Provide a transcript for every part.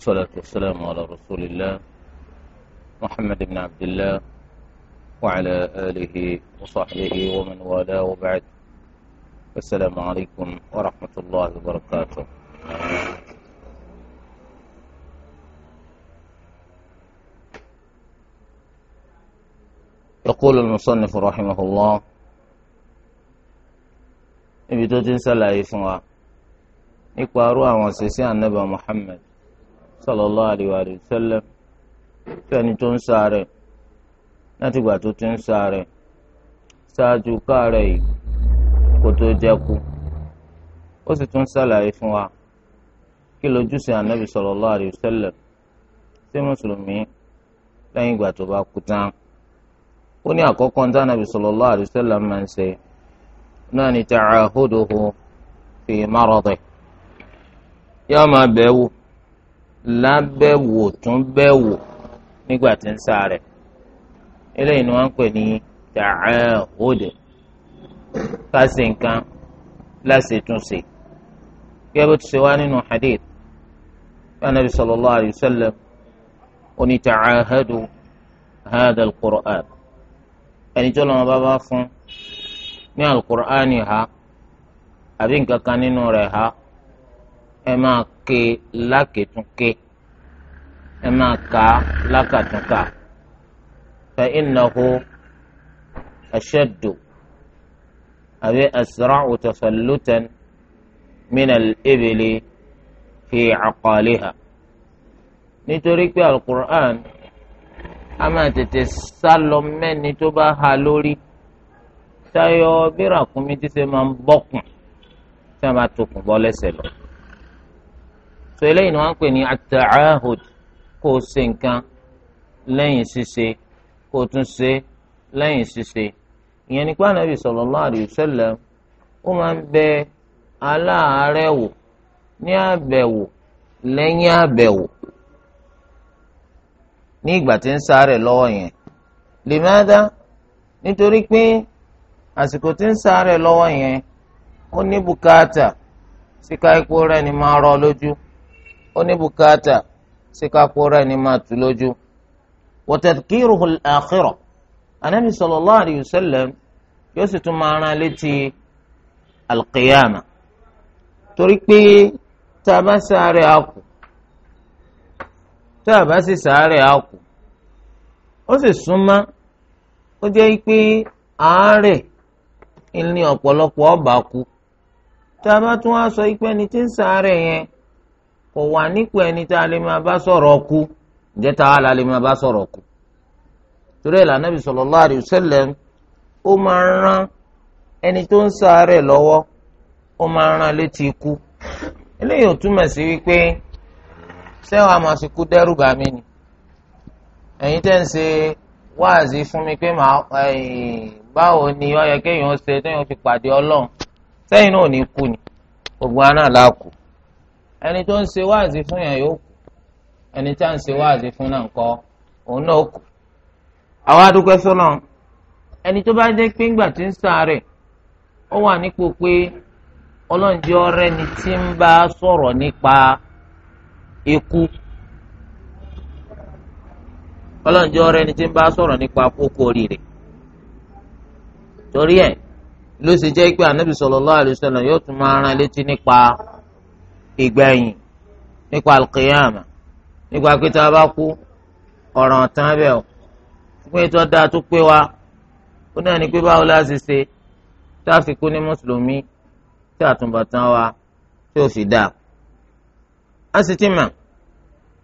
والصلاة والسلام على رسول الله محمد بن عبد الله وعلى آله وصحبه ومن والاه وبعد السلام عليكم ورحمة الله وبركاته يقول المصنف رحمه الله إبتدت tó ti ń sàlàyé fún wa sọlọlọ alaihi wasallam fẹ́ni tó ń ṣàárẹ̀ látìgbà tó ti ń ṣàárẹ̀ ṣáájú káàárẹ̀ yìí kó tó jẹ́ kú ó sì tún ṣàlàyé fún wa kí lójúṣe ànábì sọlọlọ alaihi wasallam sí mùsùlùmí lẹ́yìn ìgbà tó bá kú tán ó ní àkọ́kọ́ ní ànábì máa ń ṣe náà ní fi máa wò. lábẹ́wò tún bẹ́wò nígbà tí ń sáré eléyìí ni wọ́n ń pè ní tààhóde kásì nǹkan láṣetúnṣe gẹ́gẹ́ bó ti ṣe wá nínú hadith anabi sallallahu alayhi wa sallam oní tààhádù hádà alukur'an ẹni tó lọ́mọ bá fún ní alukur'an ha àbí nǹkan kan nínú rẹ̀ ha ẹ máa ké lákètúnké ẹ máa kà á lákàtúnkà fa innahu ashaddu àbí asra'u tasallutan min al-ibli fi aqaliha nítorí pé alukur'an a máa tètè sá lọ mẹ́ni tó bá ha lórí táyọ̀ bí ti ṣe máa ń bọ́kùn tí a máa tokùn bọ́ lẹ́sẹ̀ lọ so eléyìí ni wọ́n ń pè ní at-ta'ahud kó o ṣe nǹkan lẹ́yìn ṣíṣe kó o tún ṣe lẹ́yìn ṣíṣe ìyẹn ni pé ànábì sallallahu alayhi wa sallam ó máa ń bẹ aláàárẹ̀ wò ní àbẹ̀wò lẹ́yìn àbẹ̀wò ní ìgbà tí ń sáré lọ́wọ́ yẹn lèmẹ́dá nítorí pé àsìkò tí ń sáré lọ́wọ́ yẹn ó ní bùkátà síka epo rẹ̀ ni máa rọ lójú ó ní bùkátà sí kakura ẹni máa tù lójú wa tadhkiruhu al-akhirah anabi sallallahu alayhi wa sallam yóò sì tún máa rán létí alqiyama torí pé tá a bá sáré àkù tá a bá sì sáré àkù ó sì súnmọ́ ó jẹ́ pé àárẹ̀ ìní ọ̀pọ̀lọpọ̀ ọba kú tá a bá tún wá sọ pé ẹni tí ń sáré yẹn kò wà nípò ẹni tá a lè máa bá sọ̀rọ̀ ọkú ǹjẹ́ tá a la lè máa bá sọ̀rọ̀ ọkú. torí ẹ̀ lànàbì sallallahu alaihi wasallam ó máa ń rán ẹni tó ń ṣàárẹ̀ lọ́wọ́ ó máa rán létí ikú. eléyìí ò túmọ̀ sí wípé sẹ́wọ̀n àmọ̀síkú dẹ́rù bá mi ni ẹ̀yin tẹ́ ń ṣe wáàzí fún mi pé báwo ni ó yẹ kéèyàn ṣe téèyàn fi pàdé ọlọ́run sẹ́yìn náà ò ní kú ni gbogbo aná làákù ẹni tó ń ṣe wáàzì fún yàn yóò kù ẹni tá ń wáàzì fún náà kọ òun náà kù. àwa dúpẹ́ sọ́nà ẹni tó bá dé pé ńgbà tí ń sáré ó wà nípò pé ọlọ́njẹ́ ọ̀rẹ́ ni tí ń bá sọ̀rọ̀ nípa ikú ọlọ́njẹ́ ọ̀rẹ́ ni tí ń bá sọ̀rọ̀ nípa kókó torí ló ṣe jẹ́ pé ìgbẹ̀yìn nípa alqiyama nípa pé tá a bá kú ọ̀ràn tán bẹ́ẹ̀ o pé tó dáa tó pé wa ó náà ní pé báwo la ṣe ṣe tá a fi kú ní mùsùlùmí tí àtúbọ̀tán wa tí ò fi dáa. a sì ti mà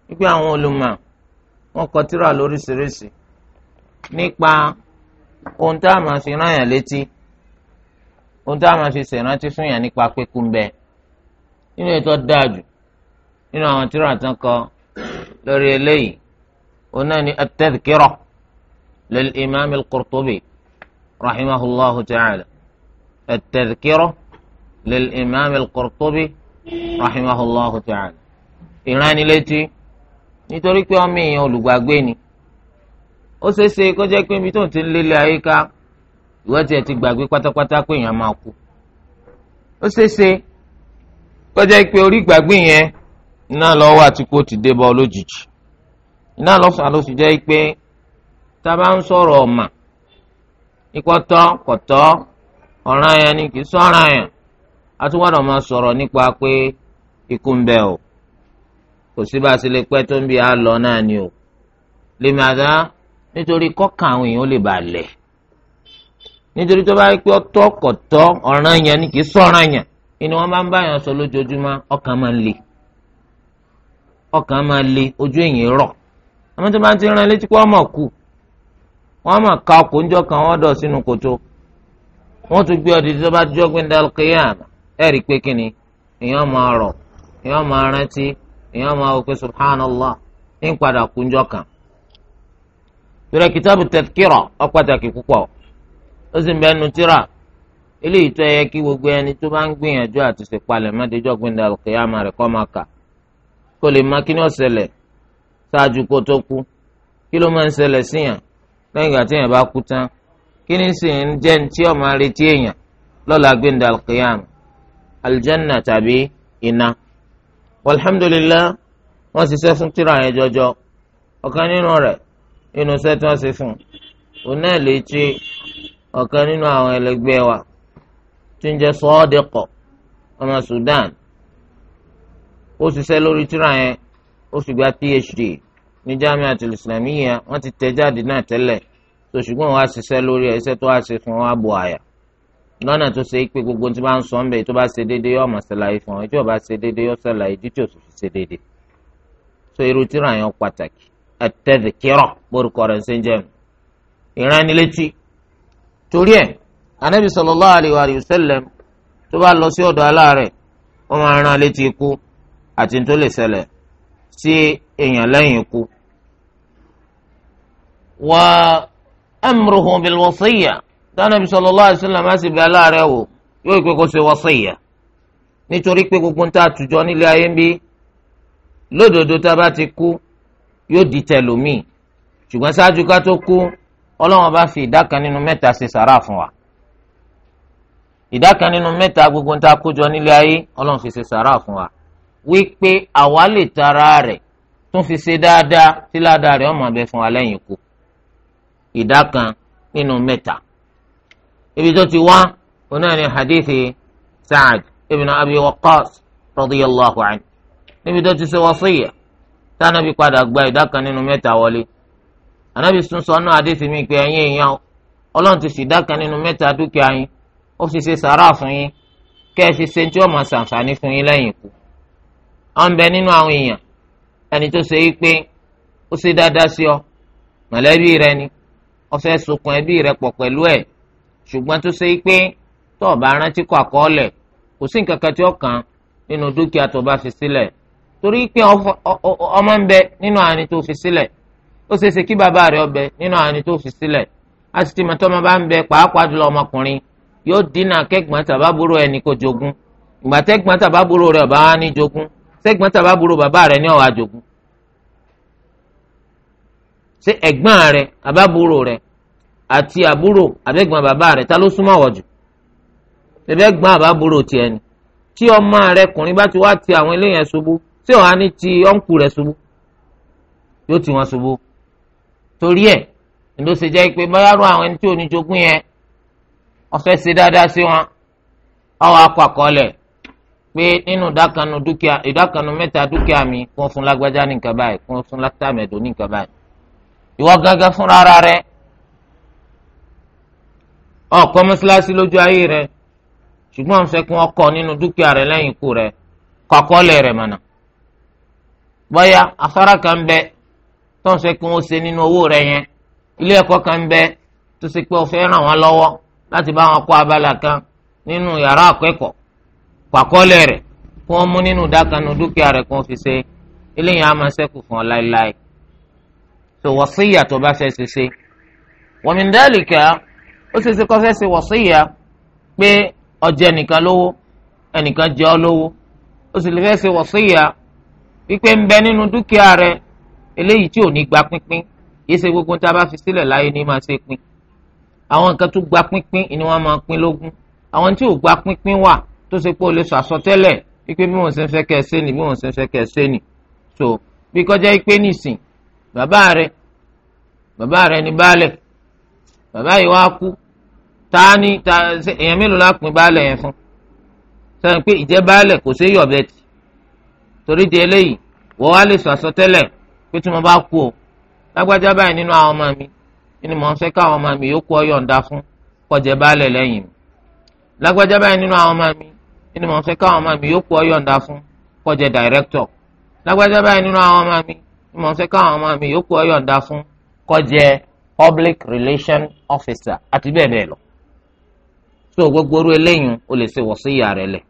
wípé àwọn olùmọ̀ wọn kọ tírà lóríṣiríṣi nípa ohun tá a máa fi rán yàn létí ohun tá a máa fi ṣèrántí fún yàn nípa pé kú ń bẹ́ẹ̀ nínú ètò dáàjù nínú àwọn tíra tán kọ lórí eléyìí oná ni at-tadhkira lil imam al-Qurtubi rahimahullahu ta'ala at-tadhkira lil imam al-Qurtubi rahimahullahu ta'ala ìránnilétí nítorí pé ọmọ èèyàn olùgbàgbé ni ó ṣeé ṣe kó jẹ́ pé ibi tó ń ti lélẹ̀ àyíká ìwọ́n tiẹ̀ ti gbàgbé pátápátá pé èèyàn máa kú ó ṣeé kọjá pé orí ìgbàgbé yẹn iná lọ wà tí kò ti dé bọ́ lójijì iná lọ́sàn-án ló sì jẹ́ pé tá a bá ń sọ̀rọ̀ ọ̀mà ikọ́tọ́ kọ̀tọ̀ ọ̀ràn yẹn ni kì í sọ̀ràn yẹn a tún gbọ́dọ̀ máa sọ̀rọ̀ nípa pé ikú ń bẹ o kò sí bá a sì lè pẹ́ tó ń bi á lọ náà ni o lè má dá nítorí kọ́kàn àwọn èèyàn lè bà lẹ̀ nítorí tó bá yẹ pé ọtọ́ ọ̀ràn yẹn ni kì í sọ̀ràn yẹn inú wọn bá ń báyàn sọ lójoojúmọ́ ọkàn máa ń le ọkàn máa le ojú èyàn rọ̀ àwọn tó bá ti rán létí pé wọ́n mọ̀ kú wọ́n mọ̀ ka ọkọ̀ ńjọ́ kan wọ́n dọ̀ sínú kòtò wọ́n tún gbé ọdún tó bá jọ́ gbé ndalkiyam ẹ̀ rí pé kíni èèyàn máa rọ̀ èèyàn máa rántí èèyàn máa wọ pé subhanallah ń padà kú ńjọ́ kan. kìtàbù tẹ̀kírọ̀ eléyìí tó yẹ kí gbogbo ẹni tó bá ń gbìyànjú àti ṣèpalẹ̀ mọ́tẹ́jọ́ gbẹ̀ndà àlùkìyàmà rẹ̀ kọ́ máa kà kó lè má kí ni ó ṣẹlẹ̀ ṣáájú kó tó kú kí ló máa ń ṣẹlẹ̀ síyàn lẹ́yìn ìgbà téèyàn bá kú tán kí ni sì ń jẹ́ ní tí ó retí èèyàn lọ́la gbẹ̀ndà àlùkìyàmà aljanna tàbí iná. alhamdulilah wọ́n ṣiṣẹ́ fún tíra yẹn jọjọ ọ̀kan nínú rẹ̀ inú iṣẹ́ tí wọ́n ṣe fún un náà tí ń jẹ́ sọ́ọ́dẹ́kọ̀ ọmọ Sudan ó ṣiṣẹ́ lórí tírà yẹn ó sì gba PhD ní Jamiatul Islamiyya wọ́n ti tẹ̀ jáde náà tẹ́lẹ̀ tó ṣùgbọ́n wọ́n á ṣiṣẹ́ lórí ẹ̀ iṣẹ́ tó wá ṣe fún wọn á bọ̀ àyà lọ́nà tó ṣe pé gbogbo tí wọ́n á sọ ń bẹ̀ tó bá ṣe déédéé yóò mọ̀ ṣàlàyé fún wọn tí bá ṣe déédéé yóò ṣàlàyé dí tí ò ṣe déédéé so irú tírà yẹn pàtàkì at-tadhkira bórúkọ rẹ̀ ń ṣe ń jẹun ìránnilétí torí ẹ̀ anabi sallallahu alayhi wa sallam tó bá lọ sí ọ̀dọ̀ aláàrẹ̀ ó máa rán létí ikú àti tó lè ṣẹlẹ̀ sí èèyàn lẹ́yìn ikú. wà á amruhu bil wasiyya tánàbí sallallahu alayhi wa sallam á sì bẹ aláàrẹ̀ wò yóò pé kó ṣe wasiyya nítorí pé gbogbo ń tà àtùjọ nílé ayé ń bí lódodo tá a bá ti kú yóò di tẹlómi ṣùgbọ́n ṣáájú ká tó kú ọlọ́wọ́n bá fi ìdá kan nínú mẹ́ta ṣe sàrà fún wa ìdá kan nínú mẹ́ta gbogbo ń ta kójọ nílé ayé ọlọ́run fi ṣe sàrà fún wa wípé àwa lè tara rẹ̀ tún fi ṣe dáadáa tí ládàá rẹ̀ ọmọ abẹ fún wa lẹ́yìn ikú ìdá nínú mẹ́ta ibi tó ti wá onáà ní hadithi Sa'ad ibn Abi Waqqas radiyallahu anhu níbi tó ti ṣe wasiya tánàbí padà gba ìdá kan nínú mẹ́ta wọlé ànábì sún sọnù hadithi mi pé ẹ̀yin èèyàn ọlọ́run ti sì ìdá kan nínú mẹ́ta dúkìá yín ó sara ṣe sàrà fún yín si ẹ sì ṣe tí ó máa ṣàǹfààní fún yín lẹ́yìn ikú. ó ń bẹ nínú àwọn èèyàn ẹni tó ṣe pé ó ṣe dáadáa sí ọ mọ̀lẹ́bí rẹ ni ó fẹ́ sokùn ẹbí rẹ pọ̀ pẹ̀lú ẹ̀ ṣùgbọ́n tó ṣe pé tó o bá rántí kọ àkọọ́lẹ̀ kò sí nǹkan kan tí ó kàn nínú dúkìá tó bá fi sílẹ̀ torí pé ọmọ ń bẹ nínú àní tó fi sílẹ̀ ó kí bàbá rẹ ọbẹ nínú tó fi sílẹ̀ àti tìmọ̀tọ́mọ bá ń bẹ pàápàá jùlọ ọmọkùnrin yóò dínà kẹ́gbọ́n tàbábúrò ẹni kó jogún ìgbà tẹ́gbọ́n tàbábúrò rẹ̀ bá wá ní jogún tẹ́gbọ́n tàbábúrò bàbá rẹ̀ ní ó wá jogún ṣé ẹ̀gbọ́n rẹ̀ àbábúrò rẹ̀ àti àbúrò àbẹ́gbọ́n bàbá rẹ̀ ta ló súnmọ́ wọ̀jù bẹ́ẹ̀ gbọ́n àbábúrò tiẹ̀ ni tí ọmọ rẹ̀ kùnrin bá ti wá ti àwọn eléyẹn ṣubú tí òun á ní ti ọ̀nkù rẹ̀ ṣubú yóò ti wọn ṣubú torí ẹ̀ ló jẹ́ pé báyà àwọn ẹni tí ò ní jogún yẹn ọ̀fẹ́ ṣe dáadáa sí wọn ọwọ́ akọ àkọọ́lẹ̀ pé nínú ìdákanu dúkìá ìdákanu mẹ́ta dúkìá mi kún fún lágbájá ní nǹkan báyìí kún fún látàmẹ̀dọ́ ní nǹkan báyìí ìwọ gángan ara rẹ ọkọ mọ́sálásí lójú ayé rẹ ṣùgbọ́n ń kí wọ́n kọ́ nínú dúkìá rẹ ikú rẹ rẹ afárá kan bẹ kí ṣe nínú owó rẹ yẹn ilé ẹ̀kọ́ kan bẹ tó ṣe pé láti bá wọn kọ abala kan nínú yàrá akẹ́kọ̀ọ́ pàkọ́lẹ̀ rẹ̀ kí wọ́n mú nínú dákanu dúkìá rẹ̀ kí wọ́n fi ṣe eléyìí á máa ṣẹ́kù fún ọ láéláé tó wọ́síyà tó bá fẹ́ ṣe ṣe wọ́mìndálìkà ó ṣe ṣe kọ́ fẹ́ ṣe wọ́síyà pé ọjẹ́ nìkan lówó ẹnìkan jẹ́ ọ lówó ó sì lè fẹ́ ṣe wọ́síyà wípé ń bẹ nínú dúkìá rẹ̀ eléyìí tí ò ní gba pínpín yìí ṣe gbogbo tá a bá fi sílẹ̀ láyé ní máa ṣe pín àwọn nǹkan tó gba pínpín ni wọ́n máa pín lógún àwọn tí ò gba pínpín wà tó ṣe pé o lè sọ àsọtẹ́lẹ̀ wípé bí wọ́n ṣe ń fẹ́ kẹ́ ẹ ṣe ni bí wọ́n ṣe ń fẹ́ kẹ́ ẹ ṣe ni so bí kọjá yìí pé nìsín bàbá rẹ bàbá rẹ ni baálẹ̀ bàbá yìí wá kú ta ni ta èèyàn mélòó la pín baálẹ̀ yẹn fún sẹ́yìn pé ìjẹ́ baálẹ̀ kò ṣeé yọ̀bẹ tì torí di eléyìí wọ́n wá lè sọ àsọtẹ́lẹ̀ pé tí mo bá kú o lágbájá báyìí nínú àwọn ọmọ mi ni mò ń fẹ́ káwọn ọmọ mi yòókù ọ̀yọ̀ǹda fún kọjẹ baálẹ̀ lẹ́yìn mi lágbájá báyìí nínú àwọn ọmọ mi ni mò ń fẹ́ káwọn ọmọ mi yòókù ọ̀yọ̀ǹda fún kọjẹ dàrẹ́kítọ̀ lágbájá báyìí nínú àwọn ọmọ mi ni mò fẹ́ káwọn ọmọ mi yòókù ọ̀yọ̀ǹda fún kọjẹ public relation officer àti bẹ́ẹ̀ bẹ́ẹ̀ lọ so gbogbo orú eléyìí o lè ṣe wọ̀síyà rẹ lẹ̀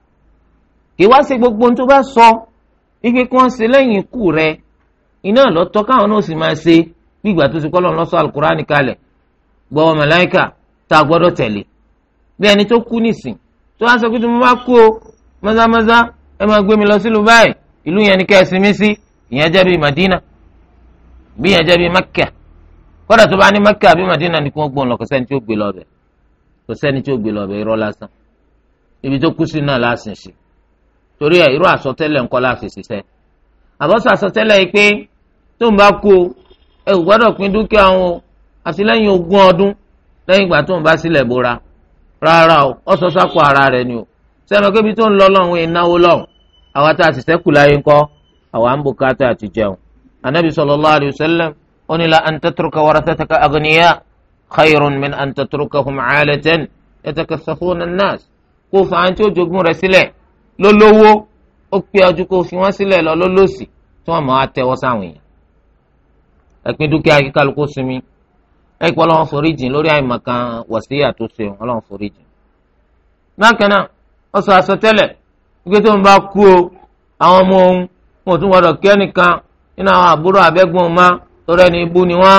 kí wá sí gbogbo ohun tó bá bí ìgbà tó ti kọ́ lọ́n lọ́sọ̀ alukurani kalẹ̀ gbọ́wọ́ màláíkà tá a gbọ́dọ̀ tẹ̀lé bí ẹni tó kú nìsín tó wá sọ pé tí mo bá kú o mọ́sámọ́sá ẹ máa gbé mi lọ sílùú báyìí ìlú yẹn ni ká ẹ sinmi sí ìyẹn jẹ́ bíi Madina bí ìyẹn jẹ́ bíi Makka kódà tó bá ní Makka àbí Madina ni kí wọ́n gbọ́n lọ kò sẹ́ni tí ó gbé lọ bẹ̀ kò sẹ́ni tí ó gbé lọ bẹ̀ irọ́ lásán ibi tó kú sí náà láàsìn sí torí ẹ̀ irú àsọtẹ́lẹ̀ ńkọ́ láàfin ṣiṣẹ́ àbọ̀sọ àsọtẹ́lẹ̀ yìí pé tó ń bá kú o ẹ ò gbọ́dọ̀ pín dúkìá wọn o àti lẹ́yìn ogún ọdún lẹ́yìn ìgbà tó ń bá sílẹ̀ bora rárá o ọ sọ sápò ara rẹ̀ ni o sẹ́nu kébi tó ń lọ lọ́hùn ìnáwó lọ́hùn àwa tá a sì sẹ́kù láyé ńkọ́ àwa ń bùkátà àti jẹun anabi sallallahu alayhi wa sallam ó ní la an tatruka warathataka aghniya khayrun min an tatrukahum aalatan yatakassafuna an-nas kó fa tí ó jogún rẹ̀ sílẹ̀ lólówó ó pé ọjọ́ kó fi wọ́n sílẹ̀ lọ lólòsì tí wọ́n máa tẹ́wọ́ sáwọn ẹ̀pin dúkìá kí kálukú sinmi ẹ̀pin ọlọ́run foríjìn lórí àìmọ̀kan wàsíyà tó ṣe ọlọ́run foríjìn. bákan náà ó sọ àsọtẹ́lẹ̀ wípé tó ń bá kú o àwọn ọmọ òun wọn ò nínú àwọn àbúrò ma torí ẹni ni wọ́n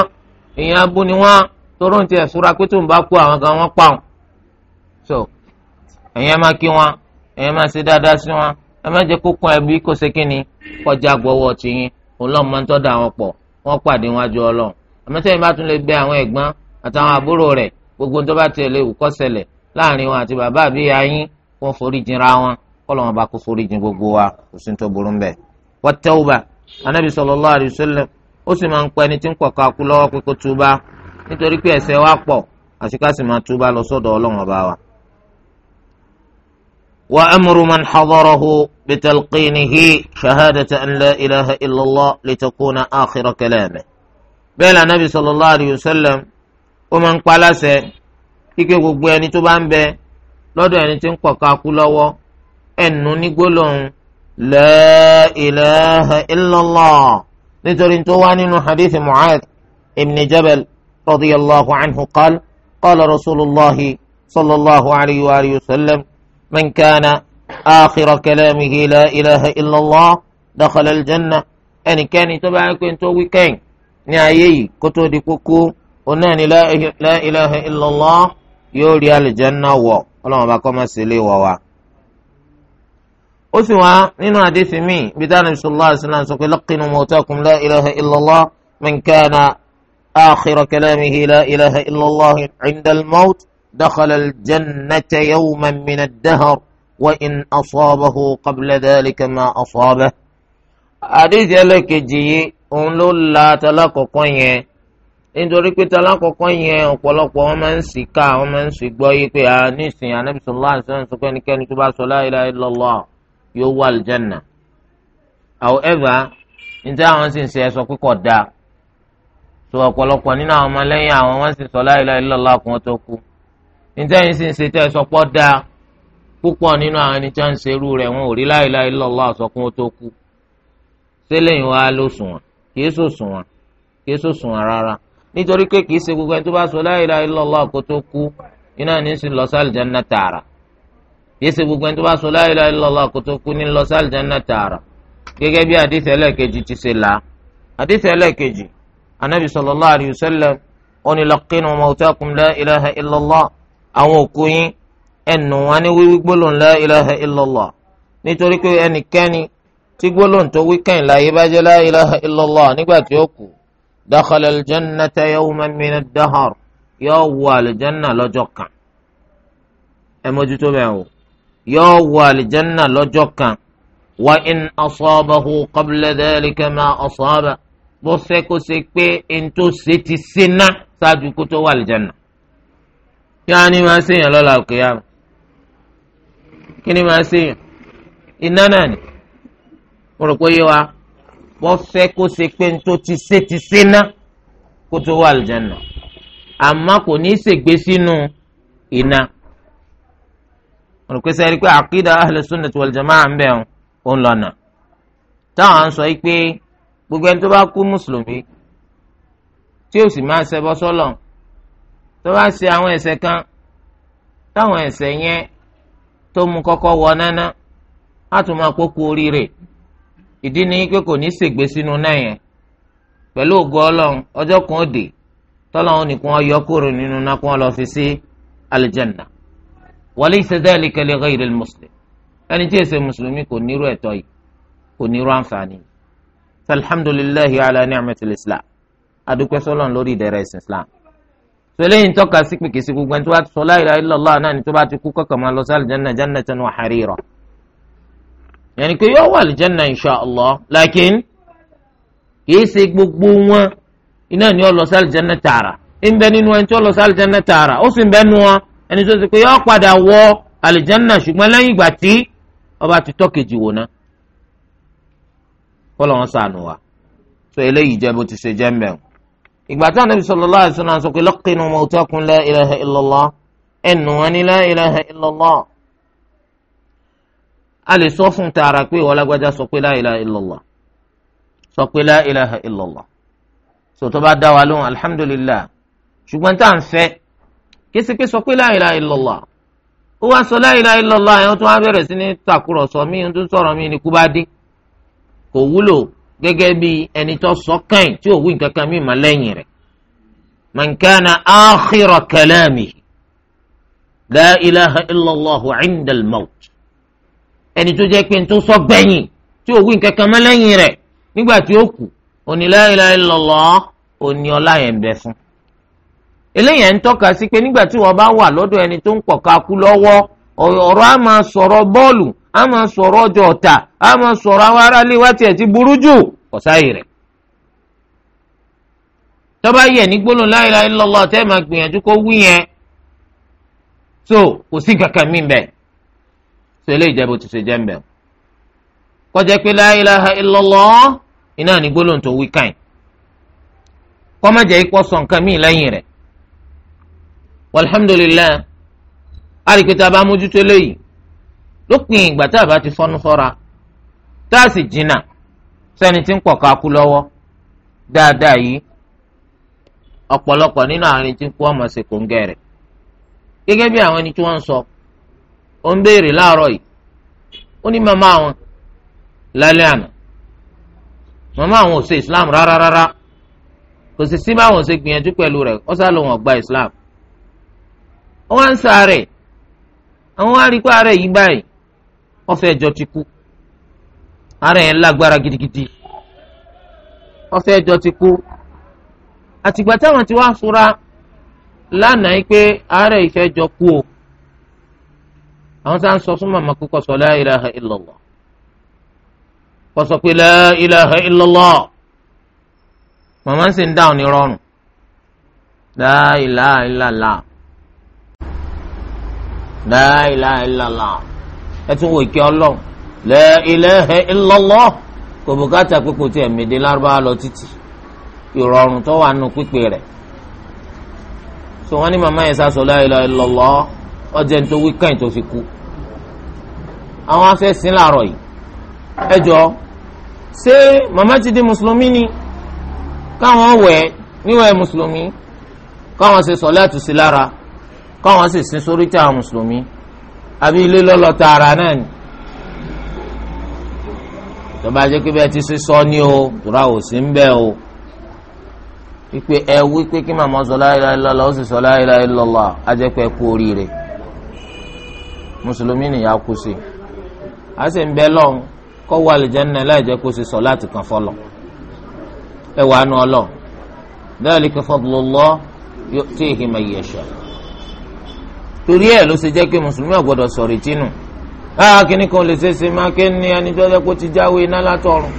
èèyàn ni wọ́n torí ti ẹ̀fúra pé tó ń pa so ẹ̀yin máa kí wọn ẹ̀yin máa ṣe dáadáa sí wọn ẹ má jẹ́ kó ẹbí wọ́n pàdé wájú ọlọ́run àmọ́tẹ́yìn bá tún lè gbé àwọn ẹ̀gbọ́n àtàwọn àbúrò rẹ̀ gbogbo tó bá tẹ̀lé ìwúkọ́ ṣẹlẹ̀ láàrin wọn àti bàbá àbí ayín kó forí jinra wọn kọ́lọ̀ wọn bá kó forí jin gbogbo wa kò sí tó burú bẹ́ẹ̀. wọ́n tẹ́wọ́bà anábì sallallahu alaihi wasallam ó sì máa ń pẹ́ ẹni tí ń kọ̀ọ̀kan akú lọ́wọ́ pé kó túbá nítorí pé ẹ̀ṣẹ̀ wa pọ̀ àṣìkáṣì máa túbá lọ sọ́dọ̀ ọlọ́run ọba wa. وأمر من حضره بتلقينه شهادة أن لا إله إلا الله لتكون آخر كلامه بلا نبي صلى الله عليه وسلم ومن قال سي كي قلس كيكي قبياني تبان بي لدو يعني تنقى كاكولو أنو نقولون لا إله إلا الله نترين تواني حديث معاذ ابن جبل رضي الله عنه قال قال رسول الله صلى الله عليه وآله وسلم من كان آخر كلامه لا إله إلا الله دخل الجنة أن كان تبعك أنت وكين نعيي كتو دي كوكو وناني لا, لا إله إلا الله يولي الجنة و الله اللهم باكما سلي ووا أسوى نينو حديث مي بدان صلى الله عليه وسلم سوك لقنوا موتاكم لا إله إلا الله من كان آخر كلامه لا إله إلا الله عند الموت دخل الجنة يوما من الدهر وإن أصابه قبل ذلك ما أصابه àdéhìí ẹlẹ́kejì yìí òun ló la talákọ̀ọ́kọ́ yẹn nítorí pé talákọ̀ọ́kọ́ yẹn ọ̀pọ̀lọpọ̀ wọn máa ń sì ká wọn máa ń sì gbọ́ yìí pé nísìnyí Ànábì sallallahu alaihi wasallam sọ pé ẹnikẹ́ni tó bá sọ la ilaha illallah yóò wà aljanna however níta àwọn sì ń ṣe ẹ̀sọ́ pípọ̀ dáa so ọ̀pọ̀lọpọ̀ nínú àwọn ọmọlẹ́yìn àwọn wọn sì sọ la ilaha illallah kún ó tó kú níta yìí sì ń ṣe tẹ́ ẹ sọ pọ́ dáa púpọ̀ nínú àwọn ẹni tí wọ́n ń ṣe irú rẹ̀ wọn ò rí la ilaha illallah àsọkún ó tó kú sẹ́lẹ̀yìn wa ló sùn wọn kì í sòsùn wọn kì í sòsùn wọn rárá nítorí pé kì í ṣe gbogbo ẹni tó bá sọ la ilaha illallah kó tó kú iná ní sì lọ sí àlìjáná tààrà kì í ṣe gbogbo ẹni tó bá sọ la ilaha illallah tó kú ní lọ sí àlìjáná tààrà gẹ́gẹ́ bí àdìsẹ́ ẹlẹ́ẹ̀kejì ti ṣe là àwọn òkú yín ẹnu wọn ní wíwí gbólóhùn la ilaha illallah nítorí pé ẹnikẹ́ni tí gbólóhùn tó wí kẹ́yìn láyé bá jẹ́ la ilaha illallah nígbà tí ó kú dakhala aljannata yawman min ad-dahr yóò wọ àlìjánná lọ́jọ́ kan ẹ mójútó bẹ́ẹ̀ o yóò wọ àlìjánná lọ́jọ́ kan wa in asabahu qabla dhalika ma asaba bó fẹ́ kó ṣe pé ntòsí ti ṣe ṣáájú kó tó wọ àlìjánná kí wọn ní máa ṣèyàn Kini òkè yàrá kí ni máa ṣèyàn iná náà ni rò pé yé wa wọ́n fẹ́ kó ṣe pé tó ti ṣe ti ṣe ná kó tó wà àlùjánnà àmọ́ kò ní í ṣègbè sínú iná mo rò pé sẹ́yìn pé àkídà ahlus sunnati wal jamaa ń bẹ̀ ọ́ ń lọ́nà táwọn ń sọ pé gbogbo ẹni tó bá kú mùsùlùmí tí ó sì máa ṣẹbọ sọ́lọ́run tó bá ṣe àwọn ẹ̀ṣẹ̀ kan táwọn ẹ̀ṣẹ̀ yẹn tó mú kọ́kọ́ wọ náná á tún máa kókó oríire ìdí ni pé kò ní ṣègbè sínú náà yẹn pẹ̀lú ògo ọlọ́run ọjọ́ kan ó dé tọ́lọ́run nìkan ọyọ kúrò nínú náà kó wọn lọ fi sí alìjẹ́nà walaysa dhalika li ghayri al-muslim ẹni tí èsè mùsùlùmí kò nírú ẹ̀tọ́ yìí kò nírú àǹfààní yìí alhamdulillahi ala ni'matil islam adúpẹ́ lórí ìdẹ̀rẹ̀ ìsìn islam sọlẹ́ yìí ń tọ́ka sí pé kìsì gbogbo ẹni tó bá sọ la ilaha illallah náà ni tó bá ti kú kọ́kọ́ máa lọ sí alìjẹ́nà jannatan wa harira yẹnni pé yóò wà alìjẹ́nà insha Allah lakin kìí ṣe gbogbo wọn iná ni ó lọ sí alìjẹ́nà tààrà ń bẹ nínú ẹni tó lọ sí alìjẹ́nà tààrà ó sì ń bẹ nu wọn ẹni tó ṣe pé yóò padà wọ alìjẹ́nà ṣùgbọ́n lẹ́yìn ìgbà tí ọba ti tọ́kejì wò ná kọ́ ìgbà tí anabi sallallahu alaihi wasallam sọ pé laqinu mautakum la ilaha illallah ẹnu wọn ni la ilaha illallah a lè sọ fún tààrà pé ìwọ lágbájá sọ pé la ilaha illallah sọ pé la ilaha illallah sọ tó bá dá wa lóhùn alhamdulillah ṣùgbọ́n tá à ń fẹ́ késeké sọ pé la ilaha illallah ó wá sọ la ilaha illallah ẹ̀ tún wá bẹ̀rẹ̀ sí ní tàkúrọ̀sọ mí ń tún sọ̀rọ̀ mí ní kú kò wúlò gẹ́gẹ́ bí ẹni tó sọ kàn tí ò wí nǹkan kan mímọ́ lẹ́yìn rẹ̀ man kana akhira kalamihi la ilaha illallah inda al-maut ẹni tó jẹ́ pé ń tó sọ gbẹ̀yìn tí ò nǹkan kan mọ́ lẹ́yìn rẹ̀ nígbà tí ó kù òní la ilaha illallah òní ọlá yẹn bẹ fún eléyẹn ń tọ́ka sí pé nígbà tí wọ́n bá wà lọ́dọ̀ ẹni tó ń pọ̀ ká kú lọ́wọ́ ọ̀rọ̀ á máa sọ̀rọ̀ bọ́ọ̀lù a máa sọ̀rọ̀ ọjọ́ ọ̀tà a máa sọ̀rọ̀ àwọn aráalé wa tiẹ̀ ti burú jù ọ̀sáyè rẹ̀ tọ́ba yẹ ní gbólóhùn la ilaha illallah tẹ́ máa gbìyànjú kó wí yẹn so kò sí kankan mí bẹ́ẹ̀ so eléyìí jẹ́ bó ti ṣe jẹ́ ń bẹ̀ kọjá pé la ilaha iná ní gbólóhùn tó wí káyìn kọ́mọ̀jẹ̀ ikọ̀ sọ nǹkan mí lẹ́yìn rẹ̀ walhamdulillah àríkìtà bá mójútó léyìí lópin ìgbà tá a bá ti fọ́nú fọ́ra tá a sì jìnnà tí ń pọ̀ka lọ́wọ́ dáadáa yìí ọ̀pọ̀lọpọ̀ nínú àárín tí ń kú ọmọ sí kòńgẹ́ gẹ́gẹ́ bí àwọn ẹni tí wọ́n ń sọ ó ń béèrè Islam rárá rárá kò sì sí báwọn gbìyànjú Islam ń sáré àwọn yìí wọ́n ẹjọ jọ ti kú ara yẹn lágbára gidigidi wọ́n jọ ti kú àtìgbà táwọn ti wá lánàá yìí pé ara yìí jọ kú o àwọn sáà ń sọ fún màmá kókò sọ la ilaha illallah kò sọ pé la ilaha illallah màmá ń sì dáhùn ní rọrùn ẹ tún wo ìkẹ́ ọlọ́run la ilaha illallah kò bùkátà pé kò tiẹ̀ mèdè lárúbáwá lọ títì ìrọ̀rùn tó wà nù pípé rẹ̀ so wọ́n ní màmá yẹn sá sọ la ilaha illallah ọjọ́ nítorí wíkẹ́ǹd tó fi kú àwọn afẹ́sìn làárọ̀ yìí ẹ jọ ṣé màmá ti di mùsùlùmí ni káwọn wẹ̀ níwẹ̀ mùsùlùmí káwọn ṣe sọ̀látù sí lára káwọn sì sin sórí tí àwọn mùsùlùmí àbí ilé lọ́lọ́ tààrà náà ni tó bá jẹ́ pé bẹ́ẹ̀ ti sísọ ní o tura ò sí ń bẹ́ o wípé ẹ wí pé kí màmá sọ la ilaha illallah ó sì sọ la ilaha illallah á jẹ́ pé ẹ kú oríire mùsùlùmí nìyà kú sí a sì ń bẹ lọ́hùn kọ́ wọ àlìjẹ́nà láì jẹ́ kó sì sọ láti kàn fọlọ̀ ẹ wàá nu ọlọ́ dhalika fadlullah yu'tihi man yasha. torí ẹ̀ ló ṣe jẹ́ pé mùsùlùmí ọ̀gbọ́dọ̀ sọ̀rọ̀ ìtinú ah kíní kan lè ṣe ṣe máa kéènì ẹni tó kó ti jáwé iná látọ̀run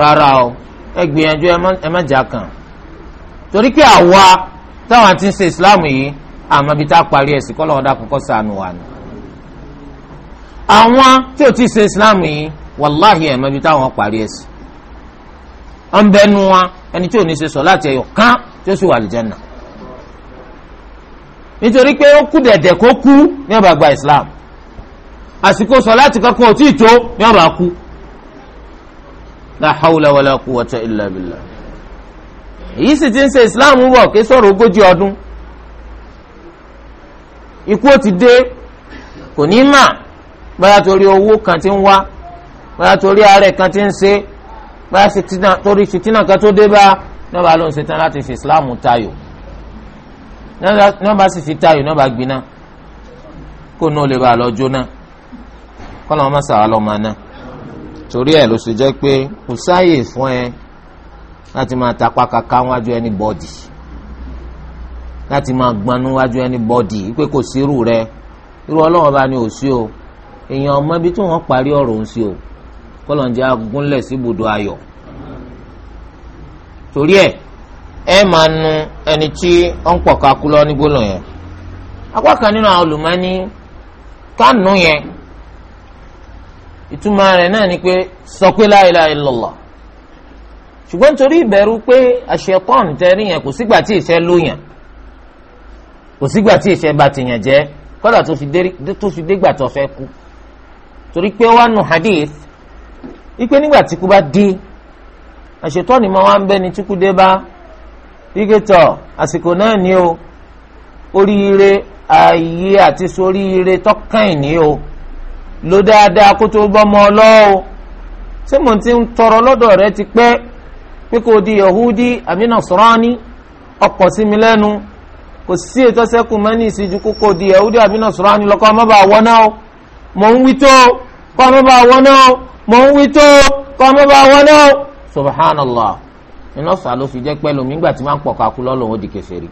rárá o ẹ gbìyànjú ẹ má jà kàn torí pé àwa táwọn àti ń ṣe ìsìláàmù yìí àmọ́ ibi tá a parí ẹ̀sìn kọ́ lọ́wọ́ sànù wà ní. àwọn tí ò ti ṣe ìsìláàmù yìí wàláhì ẹ̀mọ́ ibi táwọn parí ẹ̀sìn ọ̀nbẹ́nu wa ẹni tí ò ní ṣe sọ láti ẹ̀yọ̀ kán tí ó sì wà lìjẹ́ náà nítorí pé ó kú dẹ̀dẹ̀ kó kú ní ọba gba islam àsìkò sọláàtì kankan ò tí ì tó ní ọba kú la hawla wala quwwata illa billah èyí sì ti ń ṣe islam wọ̀ kí sọ̀rọ̀ ogójì ọdún ikú ó ti dé kò ní mà bóyá torí owó kan ti ń wá bóyá torí àárẹ̀ kan ti ń ṣe bóyá torí fìtínà kan tó dé bá ní ọba ló ń ṣetán láti fi islam tayò ní wọ́n bá sì fi táyò ní wọ́n bá gbiná kó náà lè ba àlọ́ jóná kọ́nà wọn má sàá lọ́ máa ná torí ẹ̀ ló ṣe jẹ́ pé kò sáàyè fún ẹ láti máa tapá kaka wájú ẹni bọ́dì láti máa gbanú wájú ẹni bọ́dì wípé kò sírù rẹ irú ọlọ́wọ́n bá ní òsí o èèyàn ọmọ ibi tí wọ́n parí ọ̀rọ̀ òun sí o kọ́lọ̀ ń jẹ́ agúnlẹ̀ síbùdó ayọ̀ torí ẹ̀ ẹ máa nu ẹni tí ọ ń pọ̀ kakú lọ ní yẹn apá kan nínú àwọn olùmọ́ni kánú yẹn ìtumọ̀ rẹ̀ náà ni pé sọ pé la ilaha ṣùgbọ́n nítorí ìbẹ̀rù pé àṣetán tẹ́rí yẹn kò sígbà tí lóyàn kò sígbà tí bá jẹ́ kọ́dà tó fi tó fẹ́ kú torí pé wọ́n nu hadith nígbà tí wíkẹ́tọ̀ àsìkò náà ni o oríire ayé àti soríire tọ́kàn ni o lo dáadáa kó tó bọ́mọ o ṣé mo ti ń tọrọ lọ́dọ̀ rẹ ti pẹ́ pé kò di yahudi àbí nasrani ọkọ̀ sí mi lẹ́nu kò sí ètò sẹ́kù mẹ́ni ìṣíjú kókò di yahudi àbí nasrani lọ́kọ́ ọmọ bá wọ́n náà iná fà ló fi jẹ́ pẹ́ lómi nígbà tí máa ń pọ̀ kakú lọ́lọ́wọ́ di kèfèrí.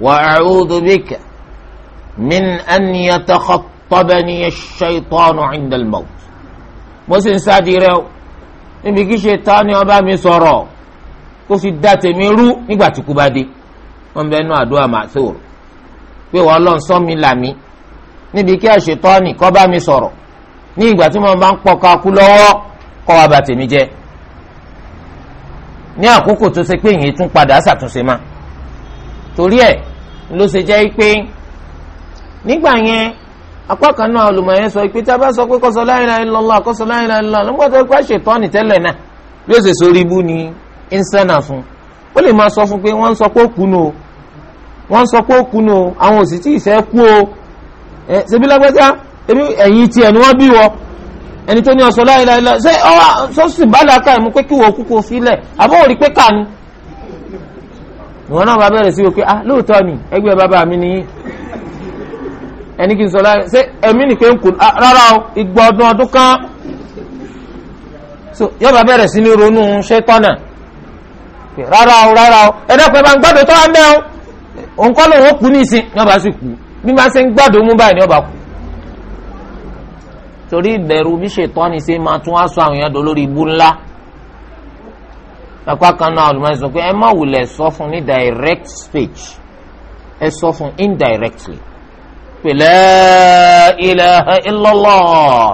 wa a'udhu bika min an yatakhattabani ash-shaytanu 'inda al-mawt mo sì ń sáàdì rẹ o níbi kí Ṣẹ̀tánì ó bá mi sọ̀rọ̀ kó fi dá tèmi rú nígbà tí kú bá dé wọn bẹ nú àdúrà màṣúr pé wọn lọ sọ mi là níbi kí Ṣẹ̀tánì kó bá mi sọ̀rọ̀ ní ìgbà tí mo bá ń pọ̀ kakú lọ́wọ́ kó wá bà tèmi jẹ́ ní àkókò tó ṣe pé yìnyín tún padà ṣàtúnṣe má torí ẹ̀ ló ṣe jẹ́ pé nígbà yẹn apá kan náà sọ pé tí a bá sọ pé kọ́sọ la ilaha illallah kọ́sọ la ilaha illallah ló ń gbọ́dọ̀ pé àṣetọ́ ni tẹ́lẹ̀ náà ni fún o wọ́n ń sọ pé ó kùnú o àwọn òsì tí ẹni tó ní ọsọ láìláìlá ṣé ọ sọsì bálàkà ìmú pé kí wọ́n kúkú sílẹ̀ àbọ̀ òrí pé kà ní. ìwọ náà bá bẹ̀rẹ̀ sí wípé ah lóòótọ́ ni ẹgbẹ́ bàbá mi ni ẹni kì í sọ láì ṣé ẹ̀mí nìkan ń kù rárá o ìgbà ọdún ọdún kan so yọba bẹ̀rẹ̀ sí ní ronú ṣẹ́tọ́nà rárá o rárá o ẹ̀dẹ́pẹ́ bá ń gbọ́dọ̀ tó wá ń bẹ́ o òǹkọ́ lòun ó kú ní ìsìn yọba sì ni yọba kú torí ìbẹ̀rù bí ṣètọ́ni ṣe máa tún wá sọ àwọn èèyàn lórí ibu ńlá apá kan náà sọ pé ẹ má wulẹ̀ sọ fún ní direct speech ẹ sọ fún indirectly pé la ilaha illallah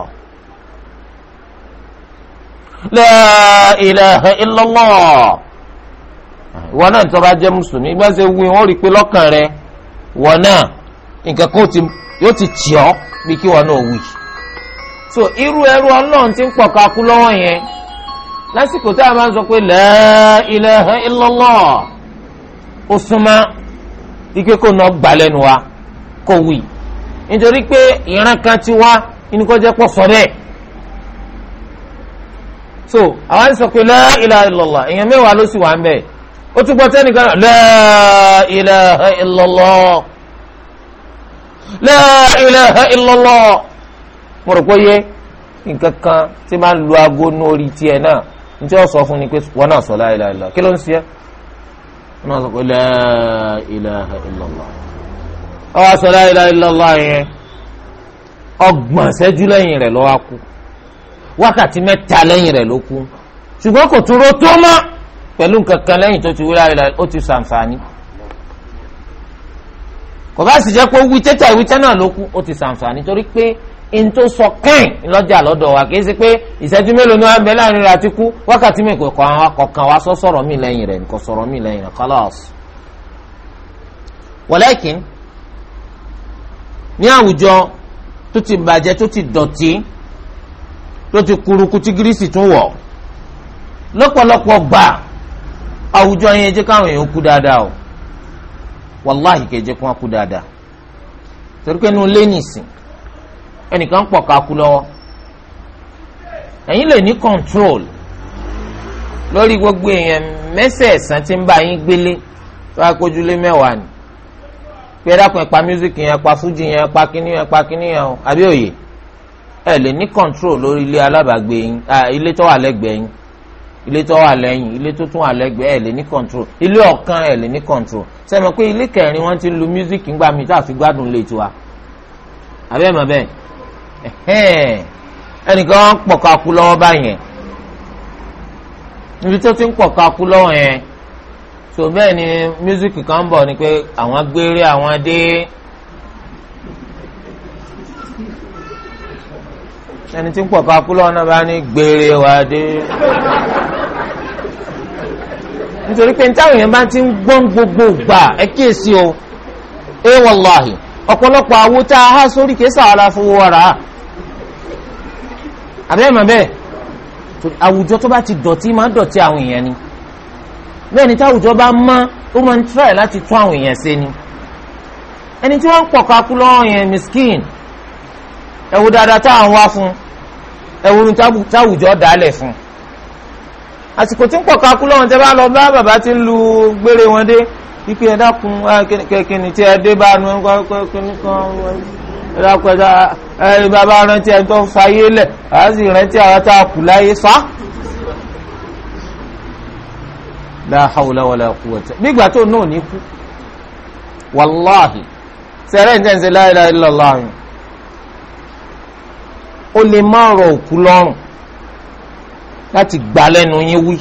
la ilaha illallah ìwọ náà tó bá jẹ́ mùsùlùmí bá ṣe wí wọ́n rí pé lọ́kàn rẹ wọnà náà nǹkan kan yóò ti tì ọ́ bí kí ìwọ náà wí. so irú ẹrú ọlọ́run ti ń pọ̀ kakú lọ́wọ́ yẹn lásìkò tá a máa ń sọ pé ó súnmọ́ ike kò ná gbalẹ́nu wa kò wí nítorí pé ìran kan ti wá pọ̀ sọ bẹ́ẹ̀ so àwọn sọ pé la ilaha illallah èèyàn mẹ́wàá ló sì wà ń bẹ̀ ó tún gbọ́ tẹ́nìkan náà la mo rò pé yé nǹkan kan tí máa ń lu aago ní orí tiẹ̀ náà njẹ́ ọ̀sọ́ fún ni pé wọn náà sọ la ilaha illallah kí ló ń ṣe wọn náà sọ pé la ilaha illallah ọwọ́ sọ la ilaha illallah yẹn ọgbọ̀n ṣẹ́jú lẹ́yìn rẹ̀ lọ́wọ́ kú wákàtí mẹ́ta lẹ́yìn rẹ̀ ló kú ṣùgbọ́n kò tún ro tó mọ́ pẹ̀lú nǹkan kan lẹ́yìn tó ti wí la ó ti ṣàǹfààní kò bá sì jẹ́ pé wí tẹ́tà ìwí tẹ́ náà ló kú ó ti ṣàǹfààní torí pé n tó sọ kẹ́ẹ̀ lọ́jà lọ́dọ̀ wa kì í ṣe pé ìṣẹ́jú mélòó ni wọ́n á bẹ láàrin rẹ̀ àti kú wákàtí mi kò kàn wá sọ sọ̀rọ̀ mi lẹ́yìn rẹ̀ kò sọ̀rọ̀ mi lẹ́yìn rẹ̀ kọ́lọ́ọ̀sì. wọ́lẹ́kìn ní àwùjọ tó ti bàjẹ́ tó ti dọ̀tí tó ti kuruku tí gírísì tún wọ̀ lọ́pọ̀lọpọ̀ gbà àwùjọ yẹn jẹ́ káwọn èèyàn kú dáadáa o wàláhì kẹ́ jẹ́ wọn kú dáadáa torí pé inú lé nìsín ẹnìkan pọ̀ kakú lọ́wọ́ ẹ̀yin lè ní control lórí gbogbo èèyàn mẹ́sẹ̀ẹ̀sán tí ń bá yín gbélé tó a kójúlé mẹ́wàá ni pé dákun ẹ pa music yẹn pa fújì yẹn pa kíní yẹn pa kíní yẹn o àbí òye ẹ lè ní control lórí ilé alábàágbé yín ilé tó wà lẹ́gbẹ̀ẹ́ yín ilé tó wà lẹ́yìn ilé tó tún wà lẹ́gbẹ̀ẹ́ ẹ lè ní control ilé ọ̀kan ẹ lè ní control sẹ́mi pé ilé kẹrin wọ́n ti lu music ńgbà mi tá a fi gbádùn lè tiwa àbẹ́ẹ̀ mọ̀ bẹ́ẹ̀ ẹnìkan pọ̀ka lọ́wọ́ báyẹn níbi tó ti ń pọ̀ka lọ́wọ́ yẹn tó bẹ́ẹ̀ ni mísíkì kan bọ̀ ni pé àwọn gbére àwọn dé ẹni tí ń pọ̀ka lọ́wọ́ náà bá ní gbére wa dé nítorí pé táwọn èèyàn bá ti ń gbọ́n gbogbo gbà ẹ kíyèsí o ẹ wàláhì ọ̀pọ̀lọpọ̀ àbẹ́ẹ̀mọ̀ bẹ́ẹ̀ àwùjọ tó bá ti dọ̀tí máa dọ̀tí àwọn èèyàn ni bẹ́ẹ̀ ni táwùjọ bá mọ́ ó máa ń tíráì láti tún àwọn èèyàn ṣe ni ẹni tí wọ́n ń pọ̀ kakú lọ́wọ́ yẹn miskin ẹ̀wù dáadáa táwọn wá fún ẹ̀wù ní táwùjọ dálẹ̀ fún àsìkò tí ń pọ̀ kakú lọ́wọ́ tẹ́ bá lọ bá bàbá tí ń lu gbére wọn dé ipe ẹ̀dá kun kẹ̀kẹ́ ni tí ẹ dé bá nu kẹ́kẹ́ nìkan ìdákọ̀ẹ́dá ẹni bàbá rántí ẹni tó ń fayé lẹ̀ àá sì rántí àwọn tá a kù láyé sá. la hawla wala quwwata nígbà tó náà ní kú wàláhì sẹ́rẹ̀ ń tẹ̀sí la ilaha illallah láti gbà lẹ́nu yín wí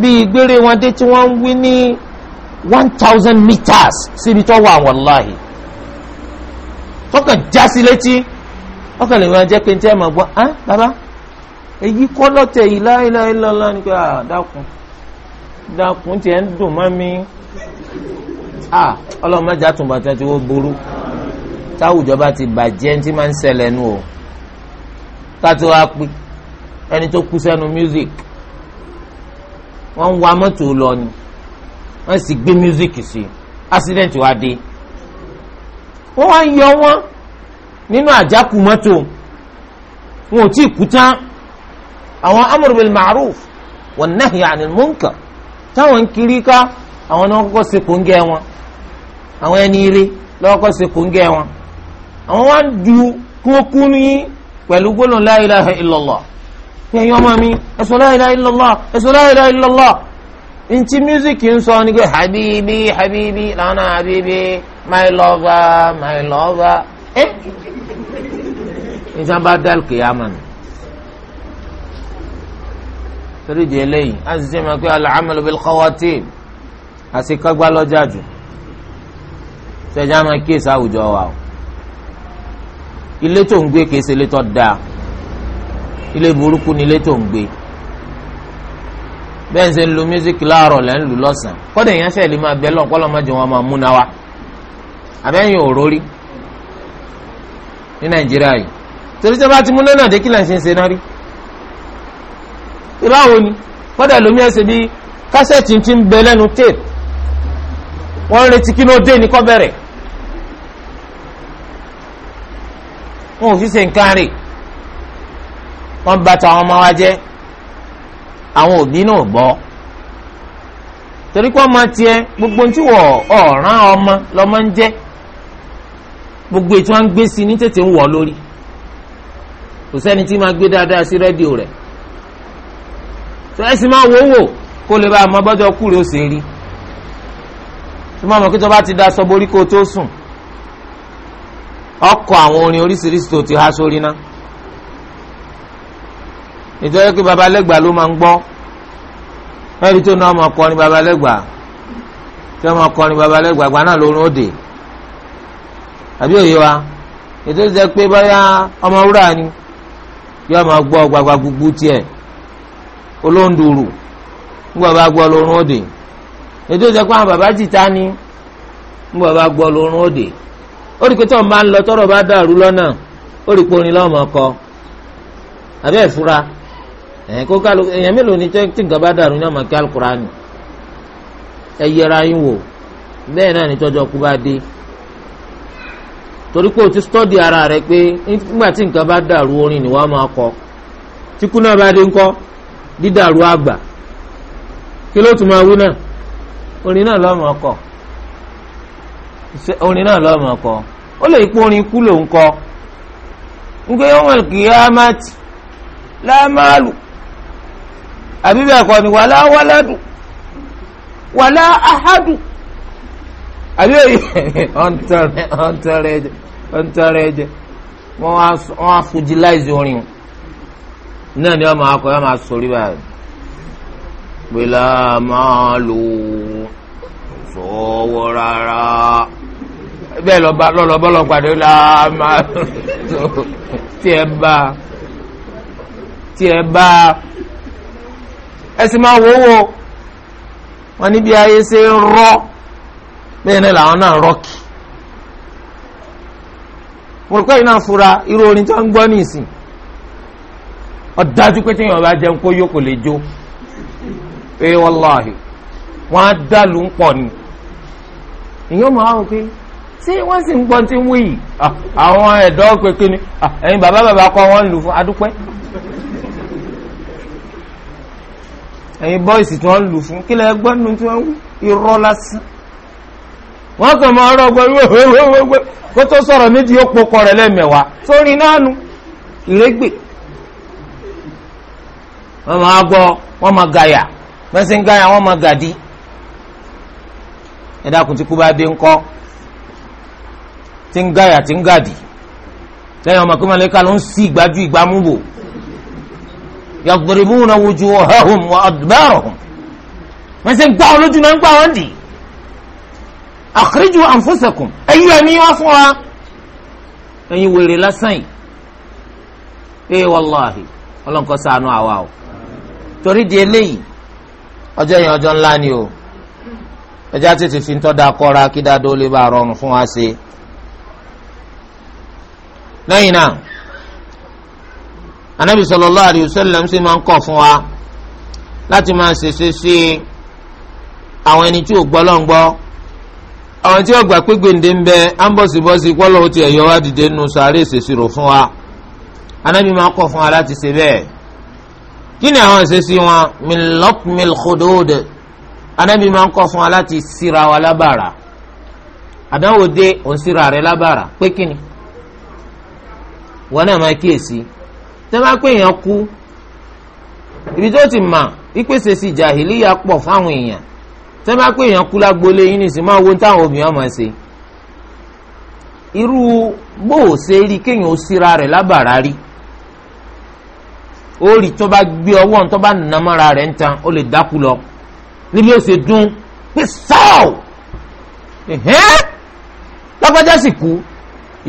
bí ìgbére wọn dé tí wọ́n ń wí ní one thousand meters síbi tó wà wàláhì tọkàn jásí létí ọkàn lè máa jẹ́ pé ntẹ́ máa gbọ́ ah bàbá èyí kọ́ lọ́tẹ̀ yìí láéláé lọ́la ni pé ah dákun dákun tiẹ̀ ń dùn mọ́ mi ah ọlọ́mọdé àtúbàtà tí wọ́n burú táwùjọ bá ti bàjẹ́ ntí máa ń ṣẹlẹ̀ nù o kátó wá pé ẹni tó kú sẹ́nu music wọ́n ń wa mọ́tò lọ ni wọ́n sì gbé music sí accident wá dé wọ́n wá ń yọ wọ́n nínú àjákù mọ́tò wọn ò tí ì kú tán àwọn amru bil ma'ruf wan nahy 'anil munkar táwọn ń kiri ká àwọn náà kọ́kọ́ ṣe kóńgẹ́ wọn àwọn ẹni ire lọ́kọ́ ṣe kóńgẹ́ wọn àwọn wá ń du kúnkún ní pẹ̀lú gbólóhùn la ilaha kí ẹ̀yin ọmọ mi ẹ̀sùn la ilaha illallah ẹ̀sùn la ntí mísíkì ń sọ ní pé habibi habibi lánàá habibi my lover my lover Eh? nígbà bá dá kìyàmà nù torí di eléyìí a sì ṣe máa pé al-amalu bil-khawatim àṣekágbá lọ́jà jù sẹ́jà máa kíyèsí àwùjọ wa o ilé tó ń gbé kìí ilé tó dáa ilé burúkú ni ilé tó ń gbé bẹ́ẹ̀ ń ṣe ń lu music láàárọ̀ lẹ́ ń lu lọ́sàn-án kọ́dà èèyàn ṣe lè máa bẹ́ lọ́n kọ́ lọ́n jẹun wọn máa múná wa àbẹ́yìn òró ní nàìjíríà yìí torí tí wọ́n bá ti là ń ṣe ń ṣe náà rí ìbáwo ni kọ́dà lómi ẹsẹ̀ bíi kásẹ̀tì ti ń bẹ lẹ́nu tape wọ́n ń retí kí ló dé ní kọ́ bẹ̀rẹ̀ wọn ò fi ṣe nǹkan rè wọ́n bà tàwọn ọmọ wa jẹ́ àwọn òbí náà gbọ́ torí pé ọmọ tiẹ̀ gbogbo tí wọ́n ọ̀ràn ọmọ lọ́mọ ń jẹ́ gbogbo ètò à ń gbé sí ní tètè ń wọ̀ lórí kò sẹ́ni tí máa gbé dáadáa sí rédíò rẹ̀ tó ẹ sì máa wò wò kó lè bá a mọ bọ́jọ́ kúrò ó sì rí tó máa mọ̀ kí tó bá ti da sọ borí kó tó sùn ọkọ̀ àwọn orin oríṣiríṣi tó ti há sórí ná nítorí pé babalẹ́gbàá ló máa ń gbọ́ ẹ̀rí tó ọmọ ọkọrin babalẹ́gbàá tí ọmọ ọkọrin babalẹ́gbàá àbí òye wa ètò ìṣe pé báyà ọmọ wúrà ni yóò máa gbọ́ gbagba gbogbo tiẹ̀ olóńdòrò ńgbọ́ bá gbọ́ lórun òde ètò ìṣe pé àwọn bàbá ni ńgbọ́ bá gbọ́ lórun òde ó rí i pé tó ń bá ń lọ bá dàrú lọ́nà ó rí i pé orin lọ́mọ kọ kó mélòó ni tí ọmọ torí pé o ti stọ́dì ara rẹ pé nígbà tí nǹkan bá dàrú orin ni wàá máa kọ tí kú náà bá dé ńkọ́ dídàrú àgbà kí ló tún máa wí náà orin náà lọ́ọ́ máa kọ orin náà lọ́ọ́ máa kọ ó lè pé orin kú ló ń kọ nígbà yóò wọ̀n kì í lámàlù àbí bẹ́ẹ̀ kọ́ ni wàlá ń tẹ́rẹ̀ ẹ jẹ wọ́n á fujilize orin náà ni wọ́n máa kọ́ wọ́n máa sọ̀rí báyìí gbèlà máa lò sọ̀wọ́ rárá bẹ́ẹ̀ lọ́lọ́bọ́ lọ́pàdé là máa tí ẹ bá tí ẹ bá ẹ sì máa wò wò wọ́n níbi ayé ṣe ń rọ́ bẹ́ẹ̀ náà làwọn náà rọ́ọ̀kì. mo rò pé iná fura irú orin tó ń gbọ́ nìsín ọ̀dájú pé téèyàn bá jẹun kó yó kò lè jó pé wọn á dàlú ni ìyẹn mọ̀ àwọn pé tí wọ́n sì ń gbọ́ tí ń wí yìí ah, àwọn ẹ̀dọ́ pépé ni ah, ẹ̀yin bàbá bàbá kọ́ wọ́n lù fún adúpẹ́ ẹ̀yin bọ́ìsì tí wọ́n lù fún kí lẹ́ẹ̀ gbọ́ tí wọ́n irọ́ wọ́n kàn máa rọ kó tó sọ̀rọ̀ méjì ó rẹ̀ sórí ìrégbè wọ́n gbọ́ wọ́n gàyà ń gàyà wọ́n gàdí kú bá dé ńkọ́ tí ń gàyà tí ń gàdí lẹ́yìn ọmọ kí ló ń sí ìgbájú ìgbámú wò akhriju anfusakum ẹ̀yin ẹ̀mí wá fún wa ẹ̀yin wèrè lásán yìí ee eh, wàláhi ọlọ́nkọ́ sànú àwa o torí di eléyìí ọjọ́ yẹn ọjọ́ ńlá ni o ẹjẹ́ àtètè fi ń tọ́ da kọ́ra kí dáadó lè bá rọrùn fún wa ṣe lẹ́yìn náà anabi sallallahu alayhi ṣe máa ń kọ̀ fún wa láti máa ṣèṣe sí àwọn ẹni tí ò gbọ́ lọ́ngbọ́n àwọn tí wọ́n gbà pé gbèǹde ń bẹ ambọ̀sibọ́sì pọ́lọ́wọ́ ti ẹ̀yọ́ wá dìde nu sàárè ìṣèṣirò fún wa anábì máa kọ̀ fún wa láti ṣe bẹ́ẹ̀ kí ni àwọn ìṣesí wọn milokmil khodod anábì máa kọ̀ fún wa láti síra wa lábàrà àdánwò dé òun síra lábàrà pé kí ni wọn náà máa kíyèsí tẹ́ máa pé èèyàn kú ibi tó ti mà ìpèsè sí jàhìlíyà pọ̀ fáwọn èèyàn tẹ́ bá pé èèyàn kú lágboolé yín nìsín máa wo táwọn obìnrin ọmọ ṣe irú bó o ṣe rí kéèyàn ó síra rẹ̀ lábàrá rí ó rí tó bá gbé ọwọ́ tó bá nà mọ́ra rẹ̀ ń tan ó lè dákú lọ níbi ó ṣe dún pé sọ́ọ̀ ẹ̀hẹ́n sì kú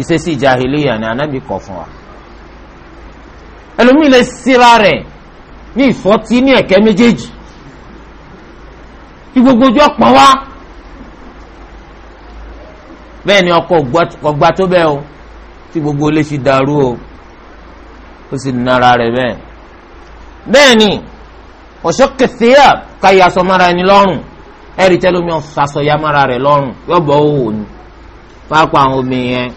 ìṣesí jahiliya ni anábì kọ̀ fún wa ẹlòmíì lè síra rẹ̀ ní ìfọ́tí ní ẹ̀kẹ́ méjèèjì kí gbogbo ojú ọ̀pọ̀ wá bẹ́ẹ̀ ni ọkọ̀ ọgbà tó bẹ́ẹ̀ o tí gbogbo ilé ṣì dàrú o ó sì nara rẹ̀ bẹ́ẹ̀ bẹ́ẹ̀ ni ọ̀ṣọ́ kẹsíyà káyà sọmára ẹni lọ́rùn ẹ̀rí tẹ́lómi ọ̀sàsọ yamára rẹ̀ lọ́rùn yọ̀bọ̀ òwò ni pápá àwọn obìnrin yẹn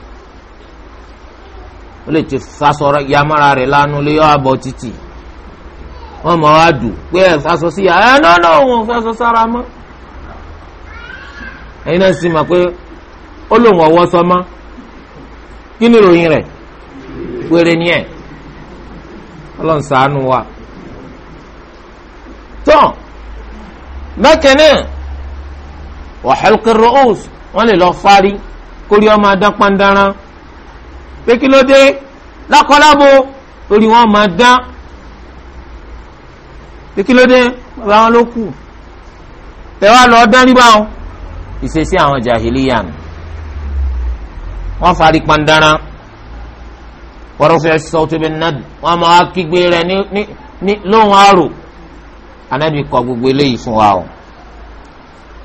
ó lè ti sasọ yamára rẹ̀ lánú lé yọ̀ abọ́ títì wọ́n mọ̀ wá dùn pé ẹ̀ sasọ sí yà ẹ̀ náà náà wọ́n sasọ sára mọ́ ẹ̀yin náà sì mọ̀ pé ó lòun ọ̀wọ́ sọmọ́ kí ni ìròyìn rẹ̀ péré ni ẹ̀ ọlọ́run ṣàánú wa tán bákan náà ọ̀hẹ́lùkẹ́ rọ́ọ̀sì wọ́n lè lọ fárí kórí ọmọ adán pandaran pé kí ló dé lákọ́lábo lórí wọn máa dán kílódé bàbá wọn ló kù tẹwàá lọ dán rí báwọn ìṣesí àwọn jahiliya nù wọn fari pandara wọrọfẹ sọtúbẹ nàdù wọn máa kígbe rẹ ní ní lóhùn àrò anabi kọ gbogbo eléyìí fún wa o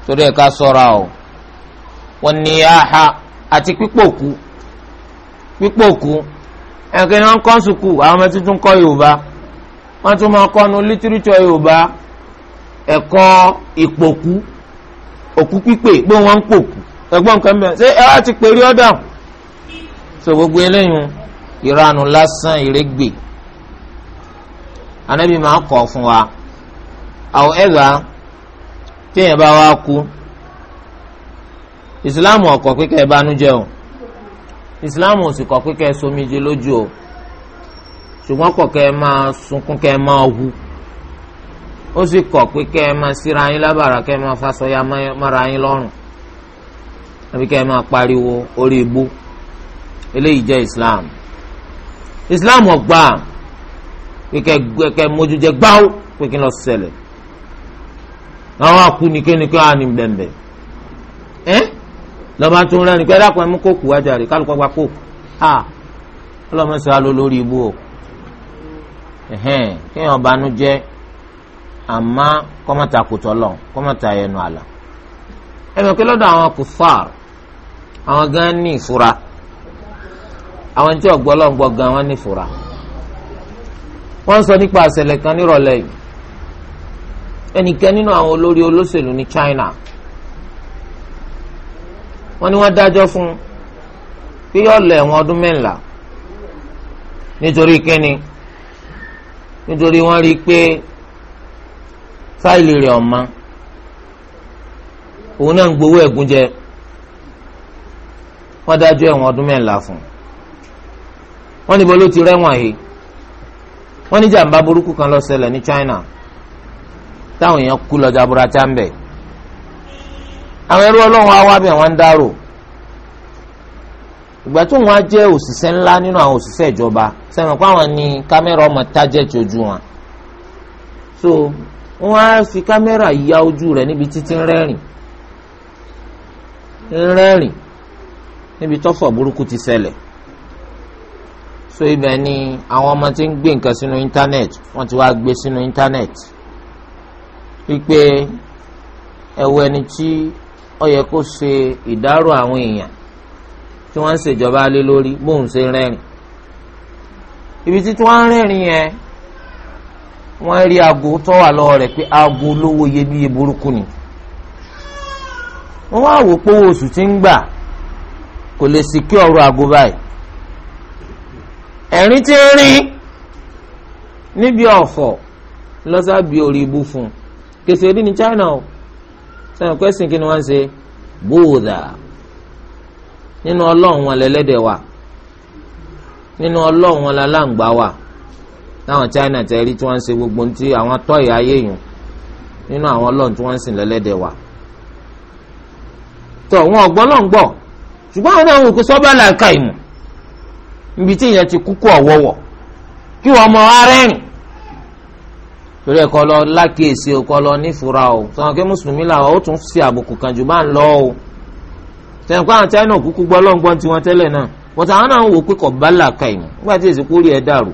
torí ẹ ká ṣọ́ra o wọn ní aha àti pípòkú pípòkú ẹnìkan ni wọn kọ́ sùkú àwọn ọmọ tuntun kọ́ yorùbá wọ́n tún máa kọ́nu lítírítọ̀ yorùbá ẹ̀kọ́ ìpòkú òkú pípé pé wọ́n ń pòkú ẹ̀gbọ́n nǹkan mẹ́rin ṣé ẹ wá ti pè rí ọ̀dà so gbogbo eléyìí ìranù lásán ìrẹ́gbẹ̀ anábì máa kọ̀ fún wa however téèyàn bá wá kú ìsìláàmù ò pé kẹ́ ẹ bánújẹ́ o ìsìláàmù ò sì kọ̀ pé kẹ́ ẹ sọmijé lójú o ṣùgbọ́n kọ̀ kẹ́ ẹ máa sunkún kẹ́ ẹ máa hu ó sì kọ̀ pé kẹ́ ẹ máa síra yín lábàrà kẹ́ ẹ máa fasọ̀yà mára yín lọ́rùn àbí kẹ́ ẹ máa pariwo orí ibú eléyìí jẹ́ Islam Islam ọgbà pé kẹ́ ẹ mójú jẹ gbáwó pé kí n lọ ṣẹlẹ̀ àwọn akúnikénikẹ́ àní bẹ̀m̀bẹ̀ ẹ́ lọ́ba tó ń rẹ́ni pé ẹ dákun ẹ mú kóòkù wájà rè kálukọ́ gba kóòkù ah ọlọ́mọ sọ alólórí ibú o. ẹhẹn kéèyàn banú jẹ́ àmọ́ kọmọta kòtọ lọ kọmọta ẹnu àlà ẹnu pé lọ́dọ̀ àwọn kùfàr àwọn gan ní ìfura àwọn tí ọgbọ lọgbọ gan wọn ní ìfura wọ́n sọ nípa àṣẹlẹ̀ kan nírọ̀lẹ́ yìí ẹnìkan nínú àwọn olórí olóṣèlú ní China wọ́n ní wọ́n dájọ́ fún pé yọọ lọ ẹ̀wọ̀n ọdún mẹ́ńlá nítorí kínní. nítorí wọ́n rí i pé fáìlì rẹ̀ ọ̀ma òun náà ń gbowó ẹ̀gún jẹ wọ́n dájọ́ ẹ̀wọ̀n ọdún mẹ́ńlá fún un wọ́n níbo ló ti rẹ́wọ̀n yìí wọ́n ní jàǹbá burúkú kan lọ ṣẹlẹ̀ ní China táwọn èèyàn kú lọ jaburata ń bẹ̀ àwọn ẹrú ọlọ́run á wá bẹ̀ ń dárò ìgbà tó wọn á jẹ́ òṣìṣẹ́ ńlá nínú àwọn òṣìṣẹ́ ìjọba sẹ́wọ̀n pé àwọn ni kámẹ́rà ọmọ tájẹ̀tì ojú wọn so wọn á fi kámẹ́rà ya ojú rẹ̀ níbi títí rẹ́rìn rẹ́rìn níbi tọ́fọ̀ burúkú ti ṣẹlẹ̀ so ibẹ̀ ni àwọn ọmọ tí ń gbé nǹkan sínú internet wọ́n ti wá gbé sínú internet wípé ẹ̀wọ̀ ẹni tí ó yẹ kó ṣe ìdárò àwọn èèyàn tí wọ́n ń ṣèjọba lé lórí bóun ṣe rẹ́rìn ibi títí wọ́n ń rẹ́rìn yẹn wọ́n rí aago tó wà lọ́wọ́ rẹ̀ pé aago olówó iyebíye burúkú ni wọ́n wá wò pé owó oṣù tí ń gbà kò lè sì kí aago báyìí ẹ̀rín tí ń níbi ọ̀fọ̀ lọ́sàbí orí ibú fún un kèsì èdè ní China o sẹ́yìn kwẹ́sìn kí ni wọ́n ń ṣe bóòdà nínú ọlọ́run wọn lẹ́lẹ́dẹ̀ wà nínú ọlọ́run wọn lálàǹgbá wà láwọn China tẹ̀rí tí wọ́n ń ṣe gbogbo ti àwọn tọ́yì ayé yùn nínú àwọn ọlọ́run tí wọ́n ń sìn lẹ́lẹ́dẹ̀ wà. tọ̀ wọn ọ̀gbọ́n náà ń gbọ́ ṣùgbọ́n àwọn náà wò kó sọ́ba làákà ìmọ̀ níbi tí ìyẹn ti kúkú ọ̀wọ́wọ̀ kí wọ́n mọ arẹ́rìn torí ẹ̀kọ́ lọ lákèésí o kọ́ lọ nífura o sọ̀rọ̀ tẹ̀wọ́n káwọn China òkúkú gbọ́ lọ́ngbọ́n tiwọn tẹ́lẹ̀ náà wọ́n tàwọn náà wò pé kọ̀ọ̀bá là ka ìmọ̀ nígbà tí èsì kúrì ẹ̀ dàrú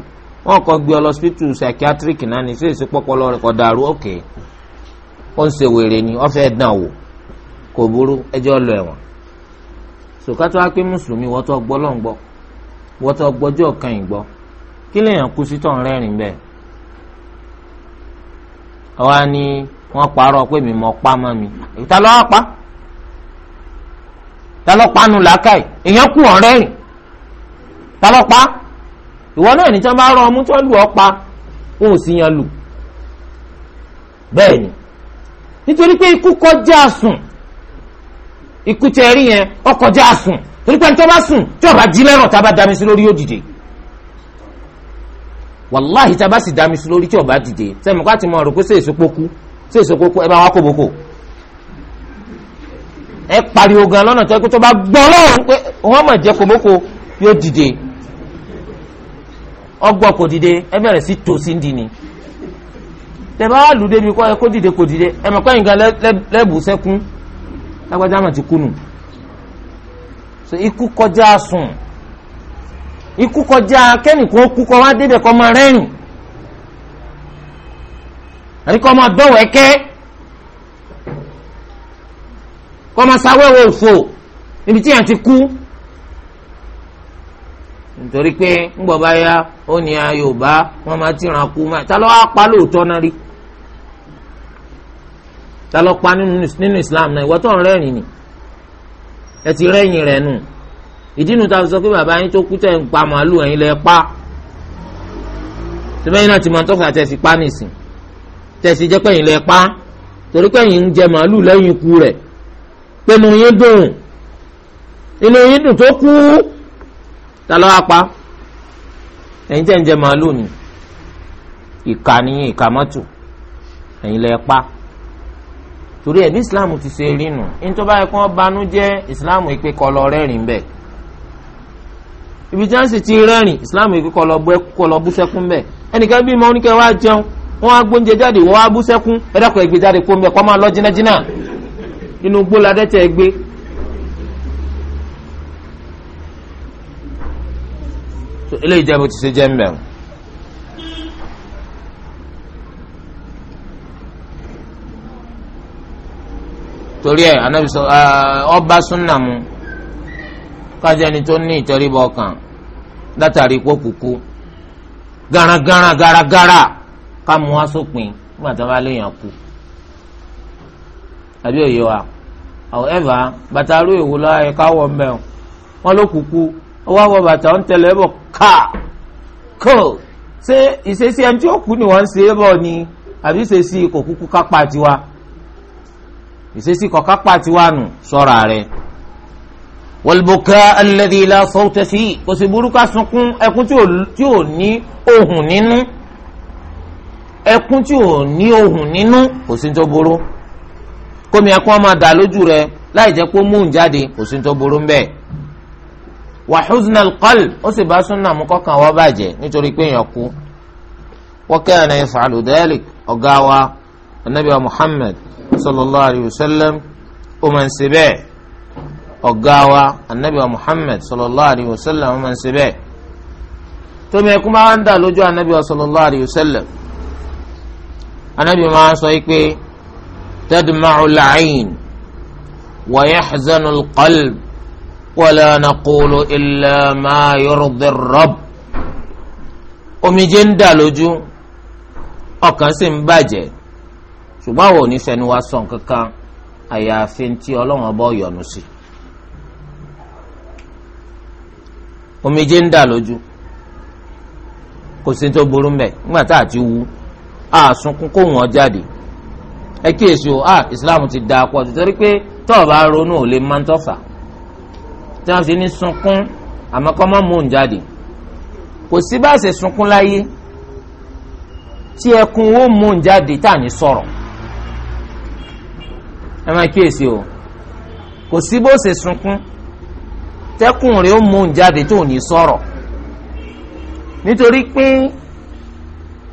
gbé ọ lọ sípítù psychiatric náà ní sí èsì pọ́pọ́lọ́ rẹ̀ kọ́ dàrú òkè ó ń ṣe wèrè ni ó fẹ́ dàn wò kò burú lọ mùsùlùmí wọ́n gbọ́ wọ́n gbọ́jọ́ kí lèèyàn kú sí tọ̀ rẹ́rìn bẹ́ẹ̀ ni wọ́n parọ́ pé mi mọ̀ pa talọ́pàá nu làákàyè èèyàn kù ọ̀rẹ́ rìn talọ́pàá ìwọ náà nìjọba bá rọ ọmú tí wọ́n lù ọ́ pa o sì yan lù bẹ́ẹ̀ ni nítorí pé ikú kọjá sùn ikú tẹ rí yẹn ó kọjá sùn torí pé nítorí bá sùn tí ọba jí lẹ́rọ̀ tá a bá dami sí lórí yóò dìde wàláhì tá a bá sì dami sí lórí tí ọba dìde sẹ́mi ká ti mọ ọ̀rọ̀ pé sèso pókú sèso pókú ẹ bá wá kó boko. ẹ pariwo gan lọ́nà tó ẹ kó tó bá gbọ́ pé wọ́n mọ̀ jẹ́ yóò dìde ọgbọ́ kò dìde ẹ bẹ̀rẹ̀ sí tòsí tẹ̀bá wà lù débi kọ́ ẹ kó dìde kò dìde ẹ mọ̀ pé nǹkan lẹ́bù sẹ́kún lágbájá ti so ikú kọjá sùn ikú kọjá kẹ́nìkan kú kọ́ wá débẹ̀ kọ́ máa rẹ́rìn kọ́mọsáwẹ́wò òfò níbi tí yàn ti kú nítorí pé ńgbọ̀ ya yá ó ní ayọ̀bá wọ́n máa ti ràn kú máa ta ló wá pa lóòótọ́ náà rí ta pa nínú Islam náà ìwọ tó ń rẹ́rìn ni ẹ ti rẹ́yìn rẹ̀ nù ìdí nu ta sọ pé bàbá yín tó kú tẹ̀ ń pa màálù ẹ̀yin lẹ pa tẹ́lẹ̀ náà ti máa tọ́ka tẹ̀sí pa nìsín tẹ̀sí jẹ́ pẹ́yìn lẹ pa torí pẹ́yìn ń jẹ màálù lẹ́yìn ikú rẹ̀ pé inú yín dùn inú yín dùn tó kú ta ló wá pa ẹ̀yin tẹ̀ ń jẹ màálù ni ìka ni ìka mọ́tò ẹ̀yin lẹ pa torí ẹ̀ islam ti ṣe rí nù nítorí ẹ̀ kó banú jẹ́ islam ìpè kọlọ rẹ́rìn bẹ́ẹ̀ ibi tí wọ́n sì ti rẹ́rìn islam ìpè kọlọ bú sẹ́kún bẹ́ẹ̀ ẹnìkan bí mo ní kẹ́ wá jẹun wọ́n á gbóúnjẹ jáde wọ́n á bú sẹ́kún ẹ̀dàkọ̀ ẹ̀gbẹ́ jáde kó ń bẹ́ẹ̀ kọ́ máa lọ jìnnàjìnnà inú gbó la dẹ́tẹ̀ gbé. eléyìí jẹ́ bó ti ṣe jẹ́ ń bẹ̀rù. torí ẹ anabi sọ ọba súnà mu kájọ ẹni tó ní ìtẹríba ọkàn látàrí ipò kúkú garagara garagara ká mú wá sópin nígbà tó bá léèyàn kú àbí òye wa however bàtà aró èwo lọ ayẹ káwọ mbẹ o wọn ló kúkú ó wọ bàtà ń tẹlẹ bọ ká kó ṣé ìṣesí ẹni tí ó kú ni wọn ń ṣe é bọ ni àbí ìṣesí kò kúkú kápá tiwa ìṣesí kò kápá tiwa nù sọ́ra rẹ̀ wọlbùkà alẹ́dí ilà sọ́tẹ́sì kò sì burú sunkún ẹkún tí ò ní ohùn nínú ẹkún tí ò ní ohùn nínú kò sí tó burú kómi ẹkún máa dà lójú rẹ láì jẹ́ pé mú un jáde kò sí tó burú mbẹ. wa huznal qalb ó sì bá súnà mú kọ́kàn wá bàjẹ́ nítorí pé èèyàn kú. wa kana yaf'alu dhalik ọ̀gá wa anabi muhammad sallallahu alayhi wa sallam ó máa ń ṣe bẹ́ẹ̀ ọ̀gá wa anabi muhammad sallallahu alayhi wa sallam ó máa tómi ẹkún máa ń dà lójú anabi sallallahu alayhi wa sallam anabi máa ń sọ yìí pé. تدمع العين ويحزن القلب ولا نقول إلا ما يرضي الرب omijé ń dà lójú ọkàn sì ń bàjẹ́ ṣùgbọ́n àwọn onífẹ̀ẹ́ni wa sọ nǹkan kan àyàfi tí ọlọ́run ọba ọ̀yọ́nu sí omijé ń dà lójú kò sí tó burú mbẹ nígbà tá a ti wú àsunkún kóhùn ọ jáde ẹ kíyèsí o ah islam ti da pọ̀ torí pé tọ́ọ̀ bá ronú ò lè máa ń tọ́fà tí wọ́n fi ní sunkún àmọ́ kọ́ mọ́ mò ń jáde kò sí bá a ṣe sunkún láyé tí ẹkún ó mò ń jáde tá à ní sọ̀rọ̀ ẹ máa kíyèsí o kò sí bó ṣe sunkún tẹkùn rẹ ó mò ń jáde tó ò ní sọ̀rọ̀ nítorí pé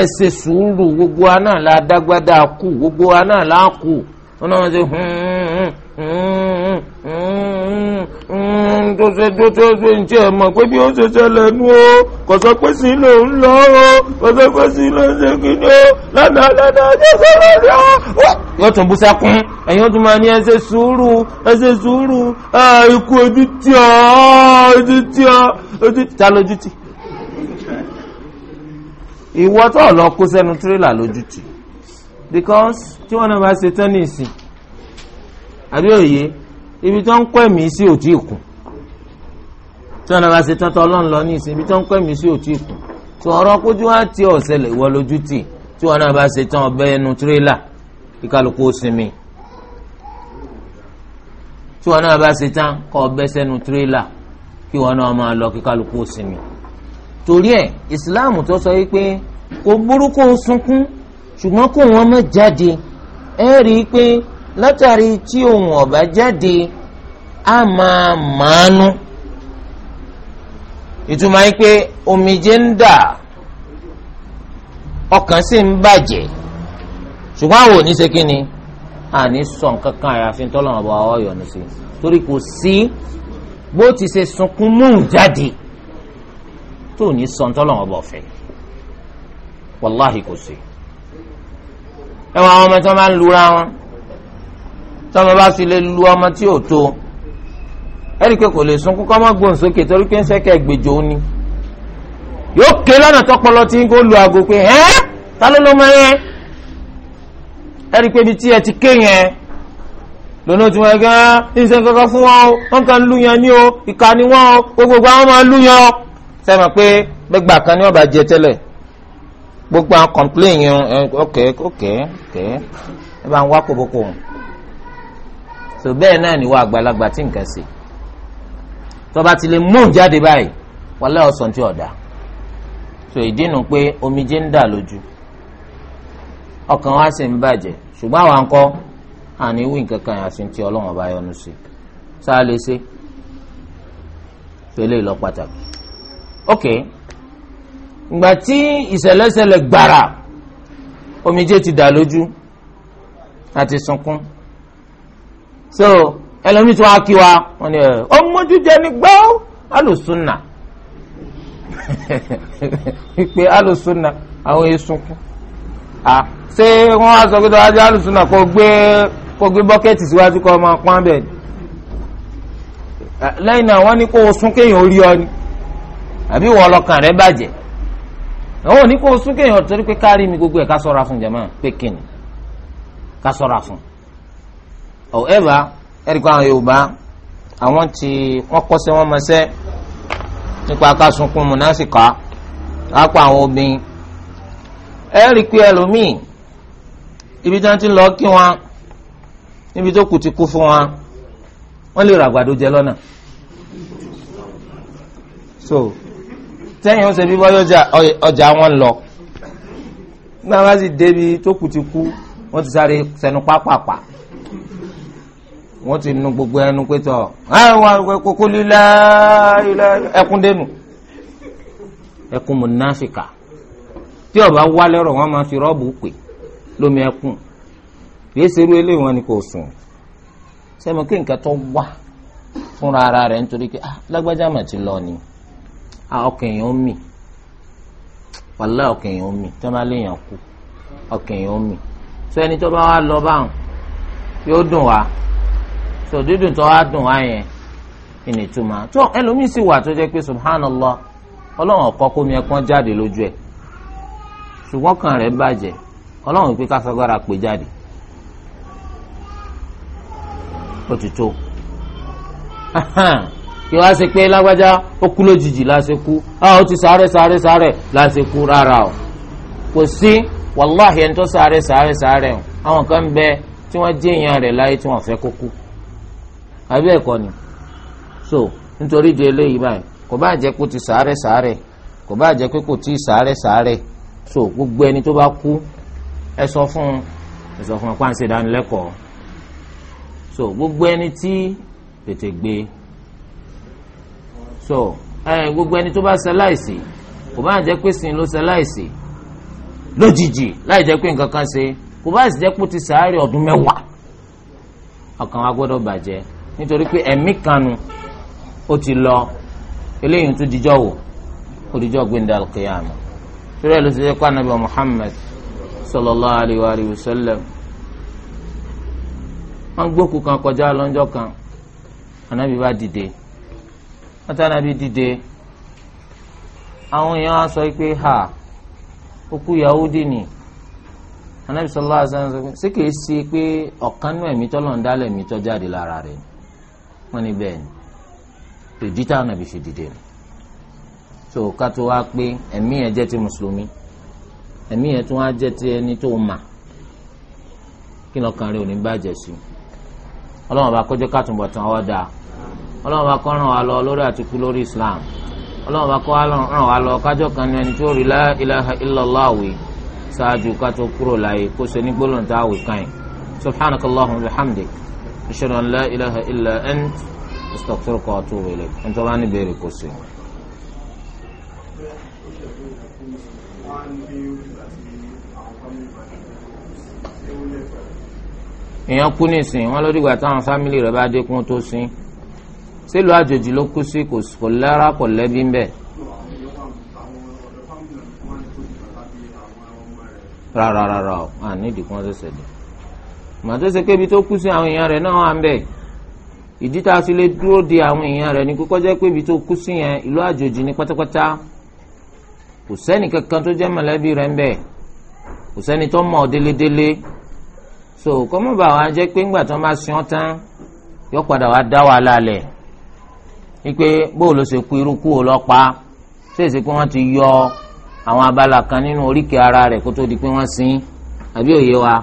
ẹ ṣe sùúrù gbogbo wa náà la dágbádá kù gbogbo wa náà la kù wọn náà ṣe tọ́sẹ̀ tó tọ́sẹ̀ ń jẹ́ mọ̀ pé bí ó ṣe ṣẹlẹ̀ nú o kò sọ pé sí ló ń lọ o kò sọ pé sí ló ń ṣe kíni o lánàá lánàá ṣe sọ̀rọ̀ rẹ̀ o. yóò tún bú sẹ́kún ẹ̀yin ó tún máa ní ẹ sùúrù ẹ ṣe sùúrù ikú ojú tí ọ ojú ta ìwọ tó lọ kó sẹ́nu tírélà lójútì because tí wọ́n náà bá ṣe tán ní ìsìn àbí òye ibi tó ń kọ́ ẹ̀mí sí òtí ìkùn tí wọ́n náà bá ṣe tán tó ọlọ́run lọ ní ìsìn ibi tó ń kọ́ ẹ̀mí sí òtí ìkùn tó ọ̀rọ̀ kójú wá ti ọ̀sẹ̀lẹ̀ ìwọ lójútì tí wọ́n náà bá ṣe tán ọbẹ̀ ẹnu tírélà kíkálukú ó sinmi tí wọ́n náà bá ṣe tán kọ́ ọbẹ̀ sẹ́nu tírélà kí wọ́n náà máa lọ kíkálukú ó torí ẹ̀ ìsìláàmù tó sọ wípé kò burúkú sunkún ṣùgbọ́n kó wọn má jáde ẹ rí i pé látàrí tí òun ọ̀bá jáde á máa màánú ìtumọ̀ yìí pé omijé ń dà ọkàn sì ń bàjẹ́ ṣùgbọ́n àwọn òní ṣe kí ni àní sọ nǹkan kan àyàfi tọ́lọ́mọba ọ̀yọ́ ni sí torí kò sí bó ti ṣe sunkún mú jáde. tó ní sọ̀ńtọ́ lọ́wọ́ bọ̀ fẹ́ wàláhì kò sí. ẹ wọ àwọn ọmọ tí wọn máa ń lura wọn tọ́mọ bá lè lu ọmọ tí ò tó ẹ pé kò lè sunkún kọ́ ọmọ gbòǹ sókè torí pé ń sẹ́kẹ̀ gbèjò ni yóò ké lọ́nà tọpọlọ tí ń kó lu aago pé ta ló ló mọ ẹ pé ibi tí ẹ ti ké yẹn lónà tí ń kankan fún wọn o kàn gbogbo àwọn máa lu sẹ́mi pé gbẹ́gbà kan ní ọba jẹ tẹ́lẹ̀ gbogbo àwọn complain yẹn ok ok ok ẹ bá ń wá kókókó wọn so bẹ́ẹ̀ náà ni wọ́n àgbàlagbà tí nǹkan ṣe tọba ti lè mú jáde báyìí wàlẹ́ ọ̀sán tí ọ̀dà so ìdí nu pé omijé ń dà lójú ọkàn wa sì ń bàjẹ́ ṣùgbọ́n àwa ń kọ́ àní wí nǹkan kan àti ti ọlọ́wọ́n bá yọnu sí sáà lè ṣe fẹlẹ́ lọ pàtàkì ok ìgbà tí ìṣẹ̀lẹ̀ṣẹlẹ̀ gbàrà omijé ti dà lójú àti sunkún so ẹlòmíì tí wàá kí wa wọn ni ọmọdúnjẹ ni gbọ́ alùsùnà ìpè alùsùnà àwọn esunkún à ṣé wọn á sọ pé tó wájú alùsùnà kò gbé kò gbé bọ́kẹ́tì síwájú kó máa pọ́n bẹ́ẹ̀ lẹ́yìn náà wọ́n ní kó o sún kéèyàn orí ọ ni àbí wọ́n ọlọ́kàn rẹ bàjẹ́ àwọn òní kò sún kéèyàn torí pé kárí mi gbogbo ẹ̀ ká sọ́ra fún jama pé kìnnì ká sọ́ra fún. however ẹ̀rí kan yorùbá àwọn tí wọ́n kọ́sẹ́ wọ́n mọṣẹ́ nípa kásùnkún múnásìkà lápá àwọn obìnrin ẹ̀rí pé ẹlòmíì ibi tí wọ́n ti lọ kí wọn níbi tó kù ti kú fún wọn wọ́n lè ra jẹ lọ́nà. so sẹ́yìn ó ṣe bí wọ́n ọjà wọn lọ náà wá sì débi tó kù ti kú wọ́n ti sáré sẹ́nu pápápá wọ́n ti nu gbogbo ẹnu pé tọ́ àwọn kókó lílá ẹkún dénú ẹkún mùnáfìkà tí ọba wá lẹ́rọ̀ wọ́n máa fi rọ́ọ̀bù pè lómi ẹkún kì í ṣerú eléyìí wọn ni kò sùn sẹ́mi kí nǹkan tó wà fúnra ara rẹ̀ nítorí pé ah, lágbájá mà ti lọ ni. Ah, ọkàn èèyàn ń mì wàlá ọkàn èèyàn ń mì tí wọ́n bá léèyàn kú ọkàn èèyàn ń mì sọ ẹni tó bá wà lọ báwọn yóò dùn wá sọ dídùn tó wá dùn wá yẹn ìnìtumọ̀ tó ẹlòmíì sì wà tó jẹ́ pé subhanallah ọlọ́run ọ̀kọ́ kó mi ẹ̀kọ́ jáde lójú ẹ̀ ṣùgbọ́n kan rẹ̀ bàjẹ́ ọlọ́run pé káfagbára pè jáde ó kí wá ṣe pé lágbájá ó kú lójijì láṣẹ a ah, ó ti sáré sáré sáré láṣẹ rárá o kò sí wàláhì ẹni tó sáré sáré sáré o àwọn kan bẹ tí wọ́n jẹ́ èèyàn rẹ̀ láyé tí wọ́n fẹ́ kó kú àbí ẹ̀kọ́ ni so nítorí di eléyìí báyìí kò bá jẹ́ kó ti sáré sáré kò bá jẹ́ pé kò tí ì sáré sáré so gbogbo ẹni tó bá kú ẹ sọ fún ẹ sọ fún ẹ pàǹsẹ̀ ìdánilẹ́kọ̀ọ́ so gbogbo ẹni tí tètè gbé so ẹ gbogbo ẹni tó bá ṣaláìsí kò bá jẹ́ pé sìn ló ṣaláìsí lójijì láì jẹ́ pé nǹkan kan ṣe kò bá pé ti sàárẹ̀ ọdún mẹ́wàá ọkàn ti lọ eléyìí dijọ́ wò ó dijọ́ ti jẹ́ muhammed sallallahu alayhi wa sallam kan kọjá kan dìde. látànàbí dìde àwọn èèyàn á sọ pé ha okú Yahudi ni anabi sọlá àṣàṣàṣà ṣé kìí ṣe pé ọ̀kan nú ẹ̀mí tọ́lọ̀ ń dálẹ̀ ẹ̀mí tọ́ jáde lára rẹ̀ wọ́n ní bẹ́ẹ̀ ni ìdí táwọn nàbì fi dìde ni tó ká tó wá pé ẹ̀mí yẹn jẹ́ ti mùsùlùmí ẹ̀mí yẹn tó wá jẹ́ ti ẹni tó mà kí lọ́kàn rẹ̀ ò ní bàjẹ́ sí ọlọ́run bá kọjọ́ ká túnbọ̀ tán ọ́ dáa ọlọ́run bá kọ́ ràn wá lọ lórí àtikú lórí islam ọlọ́run bá kọ́ ràn wá lọ kájọ́ kan ní ẹni tí ó rí la ilaha illallah wí ṣáájú ká tó kúrò láyé kó ṣe ní gbólóhùn tá a wì kàn yín subhanaka allahumma wa hamdik ashhadu an la ilaha illa ant astaghfiruka wa atubu ilayk ẹni tó bá ní béèrè kó ṣe. èèyàn kú nísìnyí wọn lórí ìgbà táwọn fámìlì rẹ̀ bá dé kún tó sin sílùú àjòjì ló kú sí kò lára kò lẹ́bí ń bẹ̀. rárá rárá o à nídìí kan ṣẹ̀ṣẹ̀ dé màtó ṣe pé ibi tó kú sí àwọn èèyàn rẹ̀ náà wà ń bẹ̀ ìdí tá a fi lè dúró de àwọn èèyàn rẹ̀ ni kó kọjá pé ibi tó kú sí yẹn ìlú àjòjì ni pátápátá kò sẹ́ni kankan tó jẹ́ mọ̀lẹ́bí rẹ̀ ń bẹ̀ kò sẹ́ni tó mọ̀ délédélé so kọ́mọ́bà wa jẹ́ pé ńgbà tó ń bá sin ọ́ tán yọ padà wá dá wàhálà lẹ̀ wípé bóòlù ṣe kú irú kú ọlọ́pàá ṣèṣe pé wọ́n ti yọ àwọn abala kan nínú oríkèé ara rẹ̀ kó di pé wọ́n sin àbí òye wa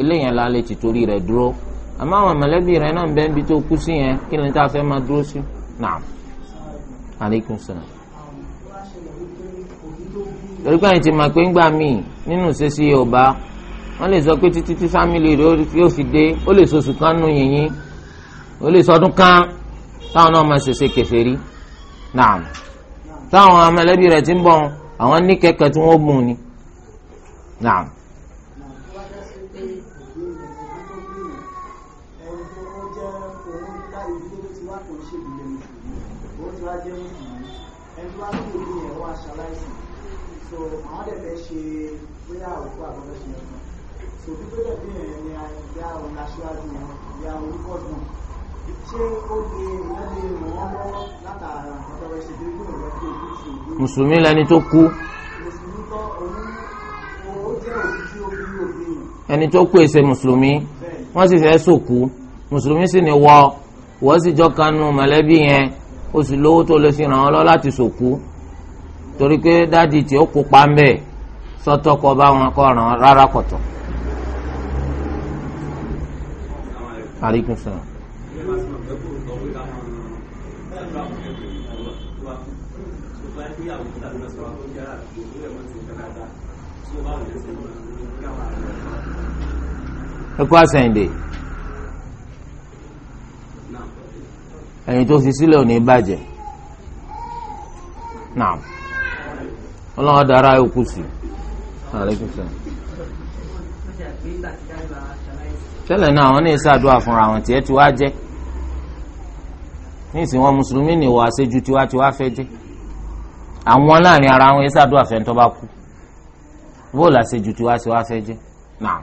eléyàn la lè ti torí rẹ̀ dúró àmọ́ àwọn mọ̀lẹ́bí rẹ̀ náà ń bẹ́ẹ̀ bí tó kú sí yẹn kí ni tá a fẹ́ máa dúró sí naam aleykum salaam. torí pé àyìn ti máa pé ń gbà míì nínú ìṣesí yorùbá wọ́n lè sọ pé títí tí fámìlì rẹ̀ yóò fi dé ó lè sọ oṣù kan nù yìnyín ó lè sọdún kan táwọn náà máa ṣèṣe kèfèrí náà táwọn amẹlẹbí rẹ ti ń bọ̀ àwọn ní kẹkẹ tí wọn mú ni náà. Thank you mùsùlùmí lẹni tó kú ẹni tó kú èsè mùsùlùmí wọ́n sì fẹ́ sòkú mùsùlùmí sì ni wọ́ wọ́n sì jọ kanu mọ̀lẹ́bí yẹn ó sì lówó tó lè fi ràn án lọ láti sòkú torí pé dáàdi tí ó kópa ń bẹ̀ kọ bá wọn kọ́ ràn án rárá kọ̀tọ̀. Alaikum salaam. ẹkọ àsẹ̀yìndè ẹ̀yìn tó fi sílẹ̀ ò ní bàjẹ́ naam ọlọ́wọ́ dára òkú sí tẹ́lẹ̀ náà wọ́n ní ìsàdúrà fúnra wọn tiẹ̀ tí wàá jẹ́ wọn mùsùlùmí ni tiwa tiwa àwọn láàrin ara wọn ìsàdúrà ń tọ́ bá kú tiwa tiwa naam.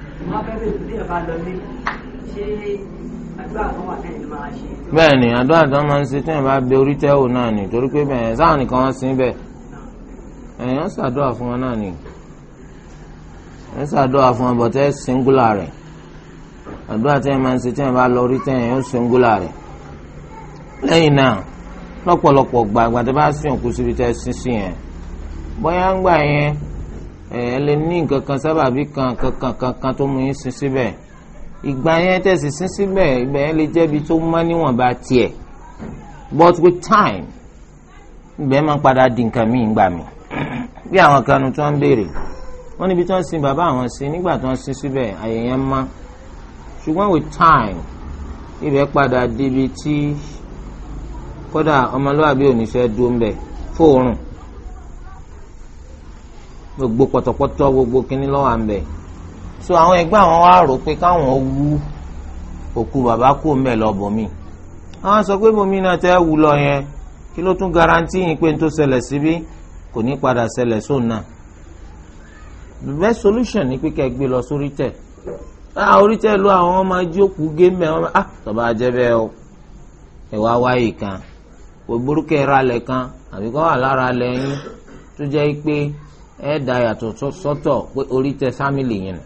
bẹ́ẹ̀ ni àdúrà tó máa ń ṣe tí wọ́n bá bẹ orí tẹ́wò náà ni torí pé bẹ́ẹ̀ sáà nìkan wọ́n sin bẹ́ẹ̀ ẹ̀yàn ṣàdúrà fún wọn náà ni ẹ̀ ṣàdúrà fún wọn bọ̀tẹ́ síngúlà rẹ̀ àdúrà tí wọ́n máa ń ṣe tí wọ́n bá lọ orí tẹ́yìn yóò síngúlà rẹ̀ lẹ́yìn náà lọ́pọ̀lọpọ̀ gbàgbà tó bá sìn òkú síbi tẹ́ sísìn yẹn bóyá ń gbà yẹn ẹ lè ní nǹkan kan sábàbí kan kankan kankan tó mú yín sin síbẹ̀ ìgbà yẹn tẹ̀sí sin síbẹ̀ ìgbà yẹn lè jẹ́bi tó mọ́ níwọ̀nba tiẹ̀ but with time ìgbà yẹn máa ń padà di nǹkan míì gbà mí bí àwọn kanu tí wọ́n ń béèrè wọ́n níbi tí wọ́n sin bàbá àwọn sin nígbà tí wọ́n sin síbẹ̀ àyè yẹn mọ́ ṣùgbọ́n with time ibẹ̀ padà débi tí kódà ọmọlúwàbí ò ní fẹ́ dúró ń bẹ̀ fóòrùn gbogbo pọ̀tọ̀pọ̀tọ̀ gbogbo kínní lọ́wọ́ à ń so àwọn ẹgbẹ́ àwọn wá rò pé káwọn wú òkú bàbá kú mẹ́ lọ bòmí àwọn sọ pé bòmí náà tẹ́ wù lọ yẹn kí ló tún garanti yín pé n tó ṣẹlẹ̀ síbí kò ní padà ṣẹlẹ̀ sóun náà the best solution ni pé kẹ́ gbé lọ sórí tẹ̀ ah orí tẹ̀ lu àwọn ọmọ ajé gé mẹ́ ọmọ ah tọ́ba jẹ́ bẹ́ẹ̀ o ẹ̀ wá wáyé kan kò burúkẹ́ ra lẹ̀ kan àbíkọ́ wà lára lẹ́yìn tó jẹ́ pé ẹ da yàtọ̀ sọ́tọ̀ pé orí tẹ fámìlì yẹn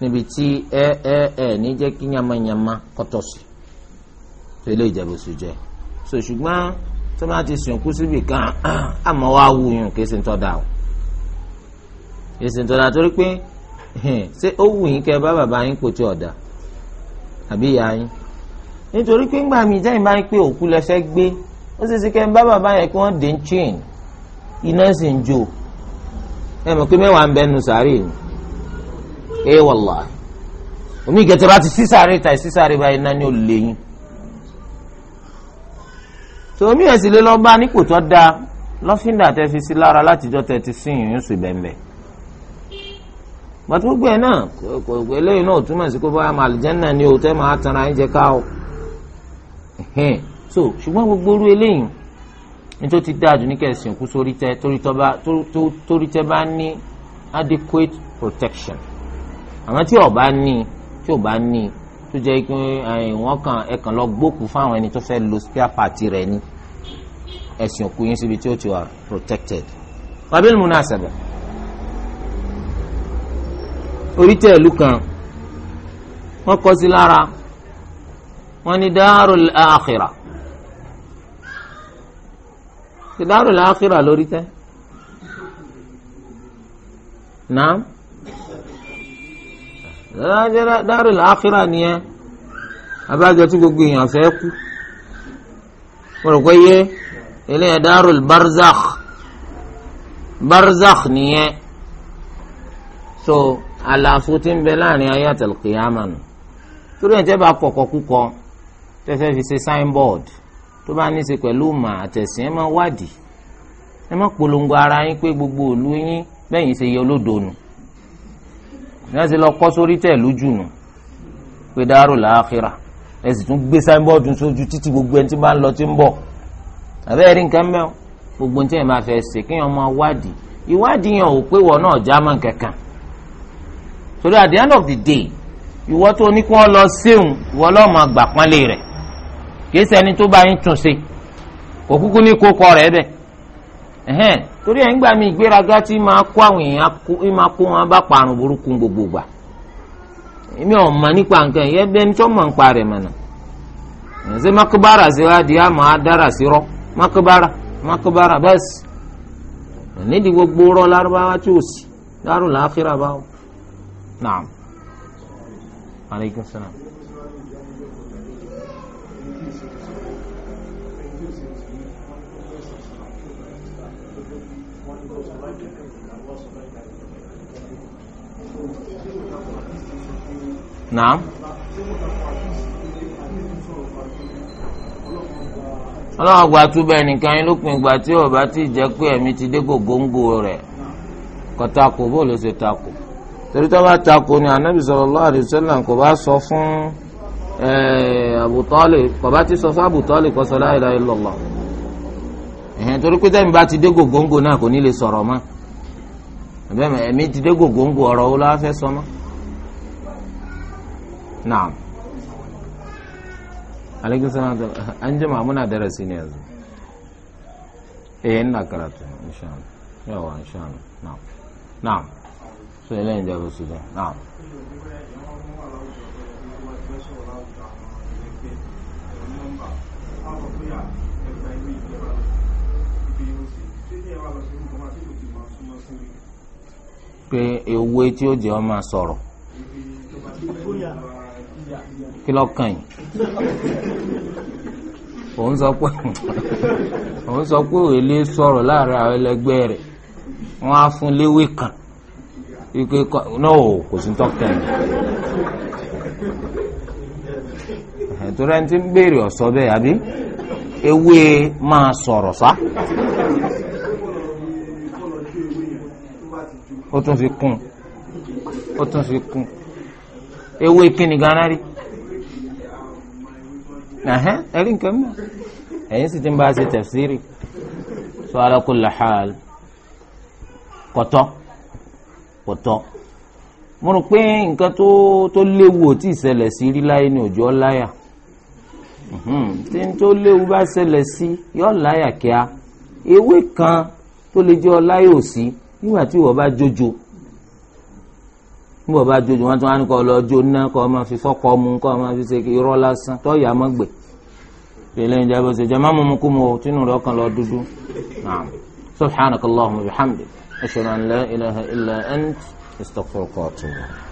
níbi tí ẹ ẹ ẹ ní jẹ́ kí yamayama kọ́tọ̀ sí tó ilé ìjẹ́bù jẹ́ so ṣùgbọ́n tó máa ti sìnkú síbi kan àmọ́ wàá wù o kì ń torí pé ṣé ó wù yín kẹ́ bá bàbá yín kò tí ò da àbí ìyá yín nítorí pé mi jẹ́ ìbá yín pé òkú lẹ fẹ́ gbé iná sì ń jó ẹ mọ̀ pé mẹ́wàá ń bẹ́ nu sàárè ni ẹ wàlá omi ìgẹ̀tẹ̀ bá ti sí sàárè tàì sí sàárè báyìí iná ni ó lè yín tó omi ẹ̀sìn lé lọ́ọ́ bá nípò tó dáa lọ́fíńdà tẹ́ fi sí lára látijọ́ tẹ́ ti sìn yín sùn bẹ́ẹ̀ bàtú gbogbo ẹ̀ náà kò eléyìí náà túmọ̀ sí kó bá àmà àlìjẹ́nà ni o tẹ́ máa tanra ẹ̀ jẹ́ ká o so ṣùgbọ́n gbogbo orú eléyìí nítorí ti dáàdù ní kẹsìn kú sórí tẹ torí tẹ bá ní adequate protection àmọ́ tí ọba ní tí ọba ní tó jẹ́ pé wọ́n kàn ẹ kàn lọ gbókù fáwọn ẹni tó fẹ́ lo spare part rẹ̀ ni ẹ̀sìn òkú yín síbi tí ó ti wà protected. babil munasaba orítẹ̀ ìlú kan wọ́n kọ́ sí lára wọ́n ní darul akhirah ṣe dárò láàkìrà lórí tẹ́ naam dárò láàkìrà nìyẹn abájọ tí gbogbo èèyàn fẹ́ kú mo rò pé yé eléyà dárò barzakh barzakh nìyẹn so àlàfo tí ń bẹ láàrin ayé àtàlùkìyàmánu torí ẹ̀ tẹ́ bá kọ̀kọ́ kú kọ tẹ́ fi ṣe signboard tó bá ní í ṣe pẹ̀lú mà àtẹ̀sìn ẹ máa wádìí ẹ máa polongo ara yín pé gbogbo òlu yín bẹ́ẹ̀ yín ṣe yẹ olódo nù ní wọ́n ti lọ kọ́ sórí tẹ̀ lójú nù pé dárò láàkírà ẹ sì tún gbé sáínbọ́ọ̀dù sójú títí gbogbo ẹni tí bá ń lọ tí ń bọ̀ àbẹ́ẹ̀ rí nǹkan mẹ́wọ́ gbogbo ní tí yẹn máa fẹ́ ṣe kí yẹn máa wádìí ìwádìí yẹn ò pé wọ́n náà já mọ́ kankan torí at the end of the day ìwọ tó ní kí wọ́n lọ séun ìwọ lọ́ọ́ máa gbà pọ́nlé rẹ̀ kìí ṣẹni tó bá yín tún ṣe kò kúkú ní kó kọ rẹ̀ bẹ̀ ẹ̀hẹ́n torí ẹ ń gbà mí ìgbéraga tí máa kó àwọn èèyàn kó máa kó wọn bá parun burúkú gbogbo gbà èmi ò mọ̀ nípa nǹkan yẹn bẹ́ẹ̀ ni tó rẹ̀ mọ̀nà ṣe di sí nídìí نعم ọlọ́run gba túbẹ̀ nìkan yín lópin ìgbà tí ọba ti jẹ́ pé ẹ̀mí ti dé gògóńgò rẹ̀ kọ́tàkù bó ló ṣe torí bá ni anabi sallallahu alaihi kò sọ fún Abu kò bá ti sọ fún Abu kò sọ ẹ̀hìn torí pé tẹ́mi bá ti dé gògóńgò náà kò ní la fẹ́ sọ na'am alaikin salam an jima muna darasi ne yanzu eh ina karatu insha Allah yawa insha Allah na'am na'am so ilayin da ba su da na'am pé ewé tí ó jẹ́ ọ máa kí lọ́kàn yìí òun sọ pé òun sọ pé òrèlé sọ̀rọ̀ láàrin àwọn ẹlẹgbẹ́ rẹ̀ wọ́n á fún léwé kan wípé náà kò sí tọ́kàn yìí torí ẹni tí ń béèrè ọ̀sọ́ bẹ́ẹ̀ àbí ewé máa sọ̀rọ̀ sá ó tún fi kún ó tún fi kún ewé kíni rí. ẹ̀rí nǹkan mọ́ ẹ̀yin sì ti ń bá a ṣe tafsiri so ala kulli hal kọ̀tọ́ kọ̀tọ́ mo rò pé nǹkan tó tó léwu ò tí ì ṣẹlẹ̀ sí rí láyé ní òjò ọláyà tí n tó léwu bá ṣẹlẹ̀ sí yọ láyà kíá ewé kan tó lè jẹ́ ọláyà òsì nígbà tí ìwọ bá jójo níbo bá jojú wọn tún wá ní kọ́ lọ jó ná kọ́ ọmọ fi fọ́kọ́ mu kọ́ ọmọ fi ṣe irọ́ lásán tọ́yà má gbè pèlè ìjà bó ṣe jẹ má mímú kú mu o tínú rẹ ọkàn lọ dúdú naam subhanakallahumma wa bihamdik ashhadu an la ilaha illa ant astaghfiruka